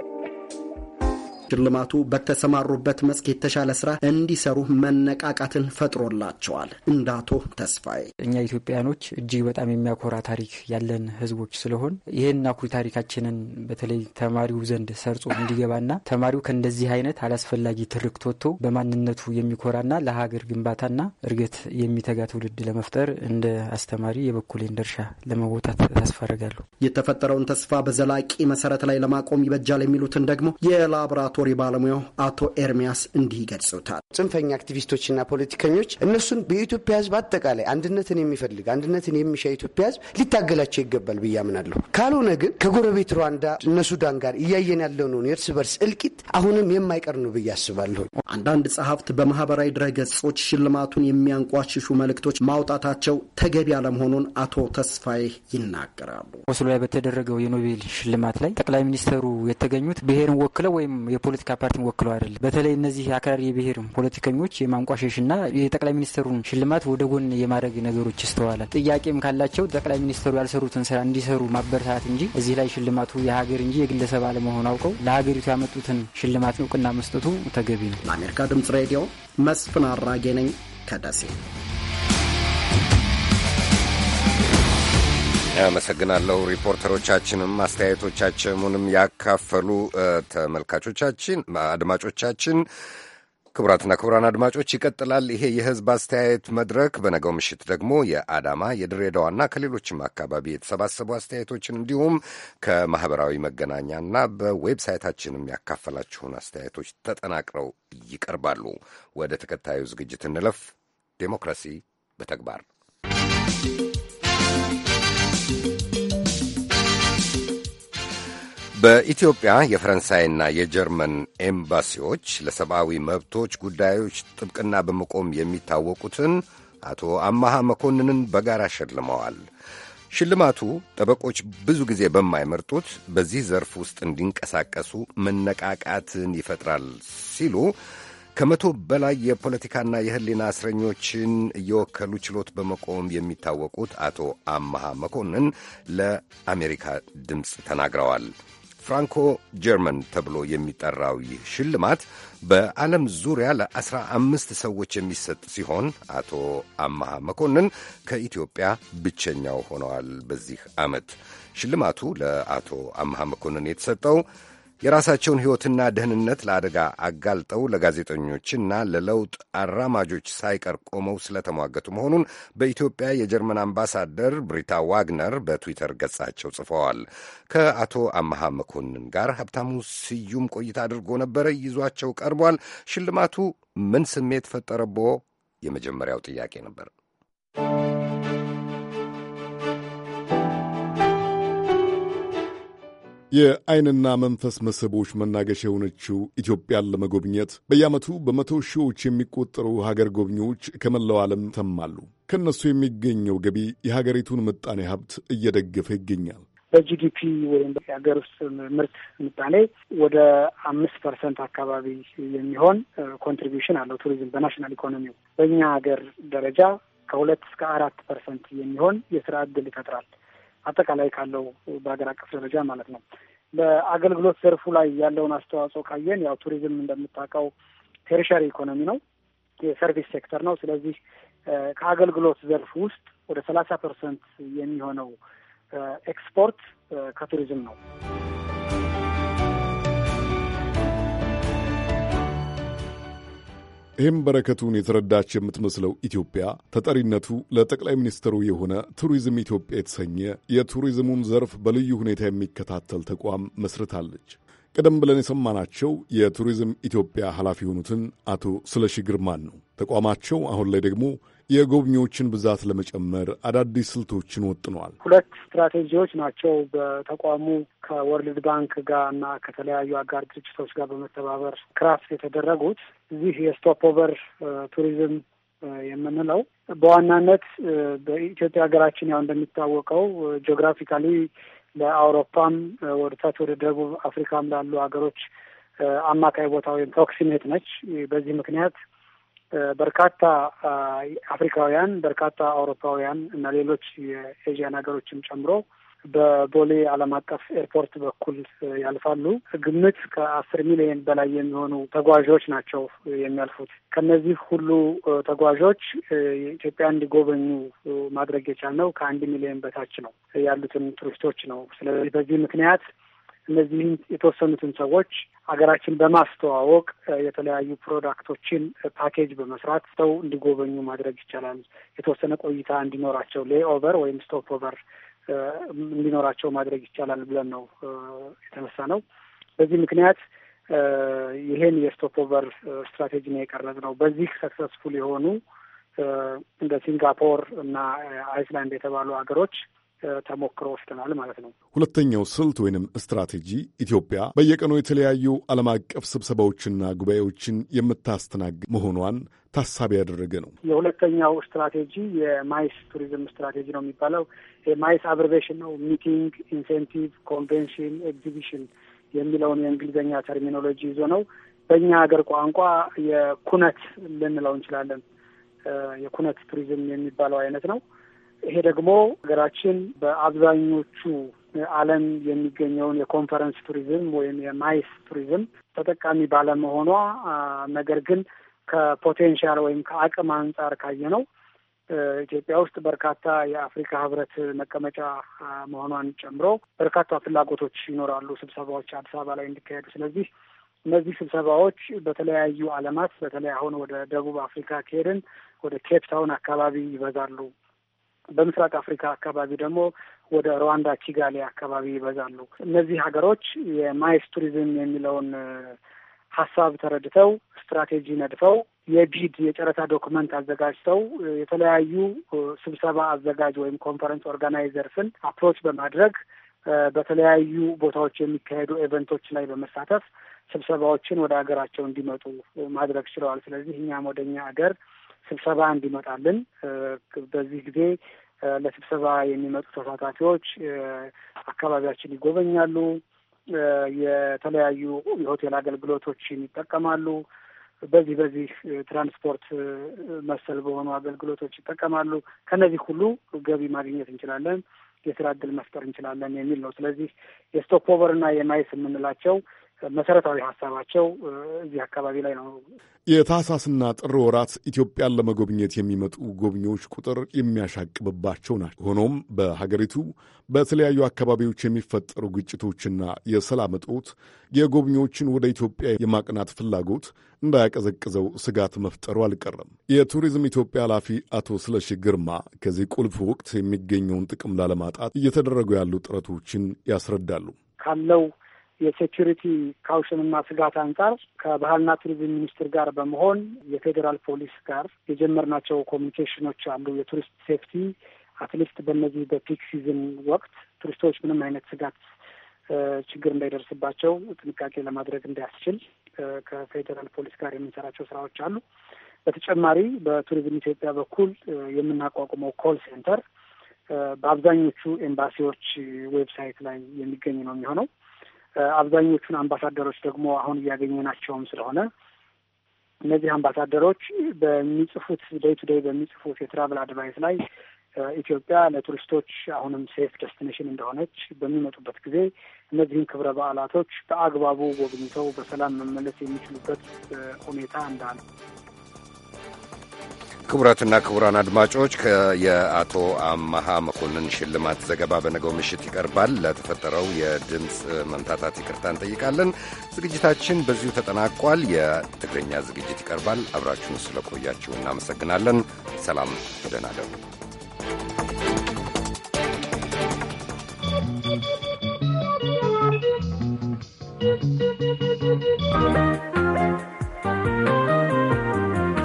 ሽልማቱ በተሰማሩበት መስክ የተሻለ ስራ እንዲሰሩ መነቃቃትን ፈጥሮላቸዋል። እንደ አቶ ተስፋዬ እኛ ኢትዮጵያኖች እጅግ በጣም የሚያኮራ ታሪክ ያለን ህዝቦች ስለሆን ይህን አኩሪ ታሪካችንን በተለይ ተማሪው ዘንድ ሰርጾ እንዲገባና ተማሪው ከእንደዚህ አይነት አላስፈላጊ ትርክት ወጥቶ በማንነቱ የሚኮራና ለሀገር ግንባታና እድገት የሚተጋ ትውልድ ለመፍጠር እንደ አስተማሪ የበኩሌን ድርሻ ለመወጣት ታስፈርጋሉ። የተፈጠረውን ተስፋ በዘላቂ መሰረት ላይ ለማቆም ይበጃል የሚሉትን ደግሞ የላብራ የላቦራቶሪ ባለሙያው አቶ ኤርሚያስ እንዲህ ይገልጹታል። ጽንፈኛ አክቲቪስቶችና ፖለቲከኞች እነሱን በኢትዮጵያ ሕዝብ አጠቃላይ አንድነትን የሚፈልግ አንድነትን የሚሻ ኢትዮጵያ ሕዝብ ሊታገላቸው ይገባል ብዬ አምናለሁ። ካልሆነ ግን ከጎረቤት ሩዋንዳ እነ ሱዳን ጋር እያየን ያለውን የእርስ በርስ እልቂት አሁንም የማይቀር ነው ብዬ አስባለሁ። አንዳንድ ጸሐፍት በማህበራዊ ድረገጾች ሽልማቱን የሚያንቋሽሹ መልእክቶች ማውጣታቸው ተገቢ አለመሆኑን አቶ ተስፋዬ ይናገራሉ። ኦስሎ ላይ በተደረገው የኖቤል ሽልማት ላይ ጠቅላይ ሚኒስተሩ የተገኙት ብሔርን ወክለው ወይም የፖለቲካ ፓርቲን ወክለው አይደለም። በተለይ እነዚህ አክራሪ የብሔር ፖለቲከኞች የማንቋሸሽና የጠቅላይ ሚኒስትሩን ሽልማት ወደ ጎን የማድረግ ነገሮች ይስተዋላል። ጥያቄም ካላቸው ጠቅላይ ሚኒስትሩ ያልሰሩትን ስራ እንዲሰሩ ማበረታት እንጂ እዚህ ላይ ሽልማቱ የሀገር እንጂ የግለሰብ አለመሆኑ አውቀው ለሀገሪቱ ያመጡትን ሽልማት እውቅና መስጠቱ ተገቢ ነው። ለአሜሪካ ድምጽ ሬዲዮ መስፍን አራጌ ነኝ ከደሴ አመሰግናለሁ። ሪፖርተሮቻችንም አስተያየቶቻቸውንም ያካፈሉ ተመልካቾቻችን፣ አድማጮቻችን ክቡራትና ክቡራን አድማጮች ይቀጥላል። ይሄ የህዝብ አስተያየት መድረክ በነገው ምሽት ደግሞ የአዳማ የድሬዳዋና ከሌሎችም አካባቢ የተሰባሰቡ አስተያየቶችን እንዲሁም ከማህበራዊ መገናኛና በዌብሳይታችንም ያካፈላችሁን አስተያየቶች ተጠናቅረው ይቀርባሉ። ወደ ተከታዩ ዝግጅት እንለፍ። ዴሞክራሲ በተግባር በኢትዮጵያ የፈረንሳይና የጀርመን ኤምባሲዎች ለሰብአዊ መብቶች ጉዳዮች ጥብቅና በመቆም የሚታወቁትን አቶ አማሃ መኮንንን በጋራ ሸልመዋል። ሽልማቱ ጠበቆች ብዙ ጊዜ በማይመርጡት በዚህ ዘርፍ ውስጥ እንዲንቀሳቀሱ መነቃቃትን ይፈጥራል ሲሉ ከመቶ በላይ የፖለቲካና የሕሊና እስረኞችን እየወከሉ ችሎት በመቆም የሚታወቁት አቶ አመሃ መኮንን ለአሜሪካ ድምፅ ተናግረዋል። ፍራንኮ ጀርመን ተብሎ የሚጠራው ይህ ሽልማት በዓለም ዙሪያ ለአስራ አምስት ሰዎች የሚሰጥ ሲሆን አቶ አማሃ መኮንን ከኢትዮጵያ ብቸኛው ሆነዋል። በዚህ ዓመት ሽልማቱ ለአቶ አማሃ መኮንን የተሰጠው የራሳቸውን ሕይወትና ደህንነት ለአደጋ አጋልጠው ለጋዜጠኞችና ለለውጥ አራማጆች ሳይቀር ቆመው ስለተሟገቱ መሆኑን በኢትዮጵያ የጀርመን አምባሳደር ብሪታ ዋግነር በትዊተር ገጻቸው ጽፈዋል። ከአቶ አመሃ መኮንን ጋር ሀብታሙ ስዩም ቆይታ አድርጎ ነበረ። ይዟቸው ቀርቧል። ሽልማቱ ምን ስሜት ፈጠረቦ? የመጀመሪያው ጥያቄ ነበር። የአይንና መንፈስ መስህቦች መናገሻ የሆነችው ኢትዮጵያን ለመጎብኘት በየዓመቱ በመቶ ሺዎች የሚቆጠሩ ሀገር ጎብኚዎች ከመላው ዓለም ተማሉ። ከእነሱ የሚገኘው ገቢ የሀገሪቱን ምጣኔ ሀብት እየደገፈ ይገኛል። በጂዲፒ ወይም የሀገር ውስጥ ምርት ምጣኔ ወደ አምስት ፐርሰንት አካባቢ የሚሆን ኮንትሪቢሽን አለው ቱሪዝም በናሽናል ኢኮኖሚው። በእኛ ሀገር ደረጃ ከሁለት እስከ አራት ፐርሰንት የሚሆን የስራ እድል ይፈጥራል። አጠቃላይ ካለው በሀገር አቀፍ ደረጃ ማለት ነው። በአገልግሎት ዘርፉ ላይ ያለውን አስተዋጽኦ ካየን ያው ቱሪዝም እንደምታውቀው ቴሪሻሪ ኢኮኖሚ ነው፣ የሰርቪስ ሴክተር ነው። ስለዚህ ከአገልግሎት ዘርፍ ውስጥ ወደ ሰላሳ ፐርሰንት የሚሆነው ኤክስፖርት ከቱሪዝም ነው። ይህም በረከቱን የተረዳች የምትመስለው ኢትዮጵያ ተጠሪነቱ ለጠቅላይ ሚኒስትሩ የሆነ ቱሪዝም ኢትዮጵያ የተሰኘ የቱሪዝሙን ዘርፍ በልዩ ሁኔታ የሚከታተል ተቋም መስርታለች። ቀደም ብለን የሰማናቸው የቱሪዝም ኢትዮጵያ ኃላፊ የሆኑትን አቶ ስለሺ ግርማን ነው። ተቋማቸው አሁን ላይ ደግሞ የጎብኚዎችን ብዛት ለመጨመር አዳዲስ ስልቶችን ወጥነዋል። ሁለት ስትራቴጂዎች ናቸው በተቋሙ ከወርልድ ባንክ ጋር እና ከተለያዩ አጋር ድርጅቶች ጋር በመተባበር ክራፍት የተደረጉት። እዚህ የስቶፕ ኦቨር ቱሪዝም የምንለው በዋናነት በኢትዮጵያ ሀገራችን ያው እንደሚታወቀው ጂኦግራፊካሊ ለአውሮፓም ወደታች ወደ ደቡብ አፍሪካም ላሉ ሀገሮች አማካይ ቦታ ወይም ፕሮክሲሜት ነች። በዚህ ምክንያት በርካታ አፍሪካውያን፣ በርካታ አውሮፓውያን እና ሌሎች የኤዥያን ሀገሮችም ጨምሮ በቦሌ ዓለም አቀፍ ኤርፖርት በኩል ያልፋሉ። ግምት ከአስር ሚሊዮን በላይ የሚሆኑ ተጓዦች ናቸው የሚያልፉት። ከነዚህ ሁሉ ተጓዦች ኢትዮጵያ እንዲጎበኙ ማድረግ የቻልነው ከአንድ ሚሊዮን በታች ነው ያሉትን ቱሪስቶች ነው። ስለዚህ በዚህ ምክንያት እነዚህም የተወሰኑትን ሰዎች ሀገራችን በማስተዋወቅ የተለያዩ ፕሮዳክቶችን ፓኬጅ በመስራት ሰው እንዲጎበኙ ማድረግ ይቻላል። የተወሰነ ቆይታ እንዲኖራቸው ኦቨር ወይም ስቶፕ ኦቨር እንዲኖራቸው ማድረግ ይቻላል ብለን ነው የተነሳ ነው። በዚህ ምክንያት ይሄን የስቶፕ ኦቨር ስትራቴጂ ነው የቀረጽ ነው። በዚህ ሰክሰስፉል የሆኑ እንደ ሲንጋፖር እና አይስላንድ የተባሉ ሀገሮች ተሞክሮ ወስደናል ማለት ነው። ሁለተኛው ስልት ወይንም ስትራቴጂ ኢትዮጵያ በየቀኑ የተለያዩ ዓለም አቀፍ ስብሰባዎችና ጉባኤዎችን የምታስተናግድ መሆኗን ታሳቢ ያደረገ ነው። የሁለተኛው ስትራቴጂ የማይስ ቱሪዝም ስትራቴጂ ነው የሚባለው። የማይስ አብርቬሽን ነው። ሚቲንግ፣ ኢንሴንቲቭ፣ ኮንቬንሽን፣ ኤግዚቢሽን የሚለውን የእንግሊዝኛ ተርሚኖሎጂ ይዞ ነው። በእኛ ሀገር ቋንቋ የኩነት ልንለው እንችላለን። የኩነት ቱሪዝም የሚባለው አይነት ነው። ይሄ ደግሞ ሀገራችን በአብዛኞቹ ዓለም የሚገኘውን የኮንፈረንስ ቱሪዝም ወይም የማይስ ቱሪዝም ተጠቃሚ ባለመሆኗ ነገር ግን ከፖቴንሻል ወይም ከአቅም አንጻር ካየ ነው ኢትዮጵያ ውስጥ በርካታ የአፍሪካ ህብረት መቀመጫ መሆኗን ጨምሮ በርካታ ፍላጎቶች ይኖራሉ፣ ስብሰባዎች አዲስ አበባ ላይ እንዲካሄዱ። ስለዚህ እነዚህ ስብሰባዎች በተለያዩ ዓለማት በተለይ አሁን ወደ ደቡብ አፍሪካ ከሄድን ወደ ኬፕ ታውን አካባቢ ይበዛሉ። በምስራቅ አፍሪካ አካባቢ ደግሞ ወደ ሩዋንዳ ኪጋሌ አካባቢ ይበዛሉ። እነዚህ ሀገሮች የማይስ ቱሪዝም የሚለውን ሀሳብ ተረድተው ስትራቴጂ ነድፈው የቢድ የጨረታ ዶክመንት አዘጋጅተው የተለያዩ ስብሰባ አዘጋጅ ወይም ኮንፈረንስ ኦርጋናይዘርስን አፕሮች በማድረግ በተለያዩ ቦታዎች የሚካሄዱ ኤቨንቶች ላይ በመሳተፍ ስብሰባዎችን ወደ ሀገራቸው እንዲመጡ ማድረግ ችለዋል። ስለዚህ እኛም ወደ እኛ ሀገር ስብሰባ እንዲመጣልን በዚህ ጊዜ ለስብሰባ የሚመጡ ተሳታፊዎች አካባቢያችን ይጎበኛሉ፣ የተለያዩ የሆቴል አገልግሎቶችን ይጠቀማሉ። በዚህ በዚህ ትራንስፖርት መሰል በሆኑ አገልግሎቶች ይጠቀማሉ። ከነዚህ ሁሉ ገቢ ማግኘት እንችላለን፣ የስራ እድል መፍጠር እንችላለን የሚል ነው። ስለዚህ የስቶክ ኦቨር እና የማይስ የምንላቸው መሰረታዊ ሀሳባቸው እዚህ አካባቢ ላይ ነው። የታህሳስና ጥር ወራት ኢትዮጵያን ለመጎብኘት የሚመጡ ጎብኚዎች ቁጥር የሚያሻቅብባቸው ናቸው። ሆኖም በሀገሪቱ በተለያዩ አካባቢዎች የሚፈጠሩ ግጭቶችና የሰላም እጦት የጎብኚዎችን ወደ ኢትዮጵያ የማቅናት ፍላጎት እንዳያቀዘቅዘው ስጋት መፍጠሩ አልቀረም። የቱሪዝም ኢትዮጵያ ኃላፊ አቶ ስለሺ ግርማ ከዚህ ቁልፍ ወቅት የሚገኘውን ጥቅም ላለማጣት እየተደረጉ ያሉ ጥረቶችን ያስረዳሉ። ካለው የሴኪሪቲ ካውሽንና ስጋት አንጻር ከባህልና ቱሪዝም ሚኒስቴር ጋር በመሆን የፌዴራል ፖሊስ ጋር የጀመርናቸው ኮሚኒኬሽኖች አሉ። የቱሪስት ሴፍቲ አትሊስት በእነዚህ በፒክ ሲዝን ወቅት ቱሪስቶች ምንም አይነት ስጋት ችግር እንዳይደርስባቸው ጥንቃቄ ለማድረግ እንዲያስችል ከፌዴራል ፖሊስ ጋር የምንሰራቸው ስራዎች አሉ። በተጨማሪ በቱሪዝም ኢትዮጵያ በኩል የምናቋቁመው ኮል ሴንተር በአብዛኞቹ ኤምባሲዎች ዌብሳይት ላይ የሚገኝ ነው የሚሆነው አብዛኞቹን አምባሳደሮች ደግሞ አሁን እያገኘናቸውም ስለሆነ እነዚህ አምባሳደሮች በሚጽፉት ደይ ቱ ደይ በሚጽፉት የትራቭል አድቫይስ ላይ ኢትዮጵያ ለቱሪስቶች አሁንም ሴፍ ደስቲኔሽን እንደሆነች በሚመጡበት ጊዜ እነዚህን ክብረ በዓላቶች በአግባቡ ጎብኝተው በሰላም መመለስ የሚችሉበት ሁኔታ እንዳለ ክቡራትና ክቡራን አድማጮች የአቶ አመሃ መኮንን ሽልማት ዘገባ በነገው ምሽት ይቀርባል። ለተፈጠረው የድምፅ መምታታት ይቅርታ እንጠይቃለን። ዝግጅታችን በዚሁ ተጠናቋል። የትግርኛ ዝግጅት ይቀርባል። አብራችሁን ስለቆያችሁ እናመሰግናለን። ሰላም፣ ደህና እደሩ።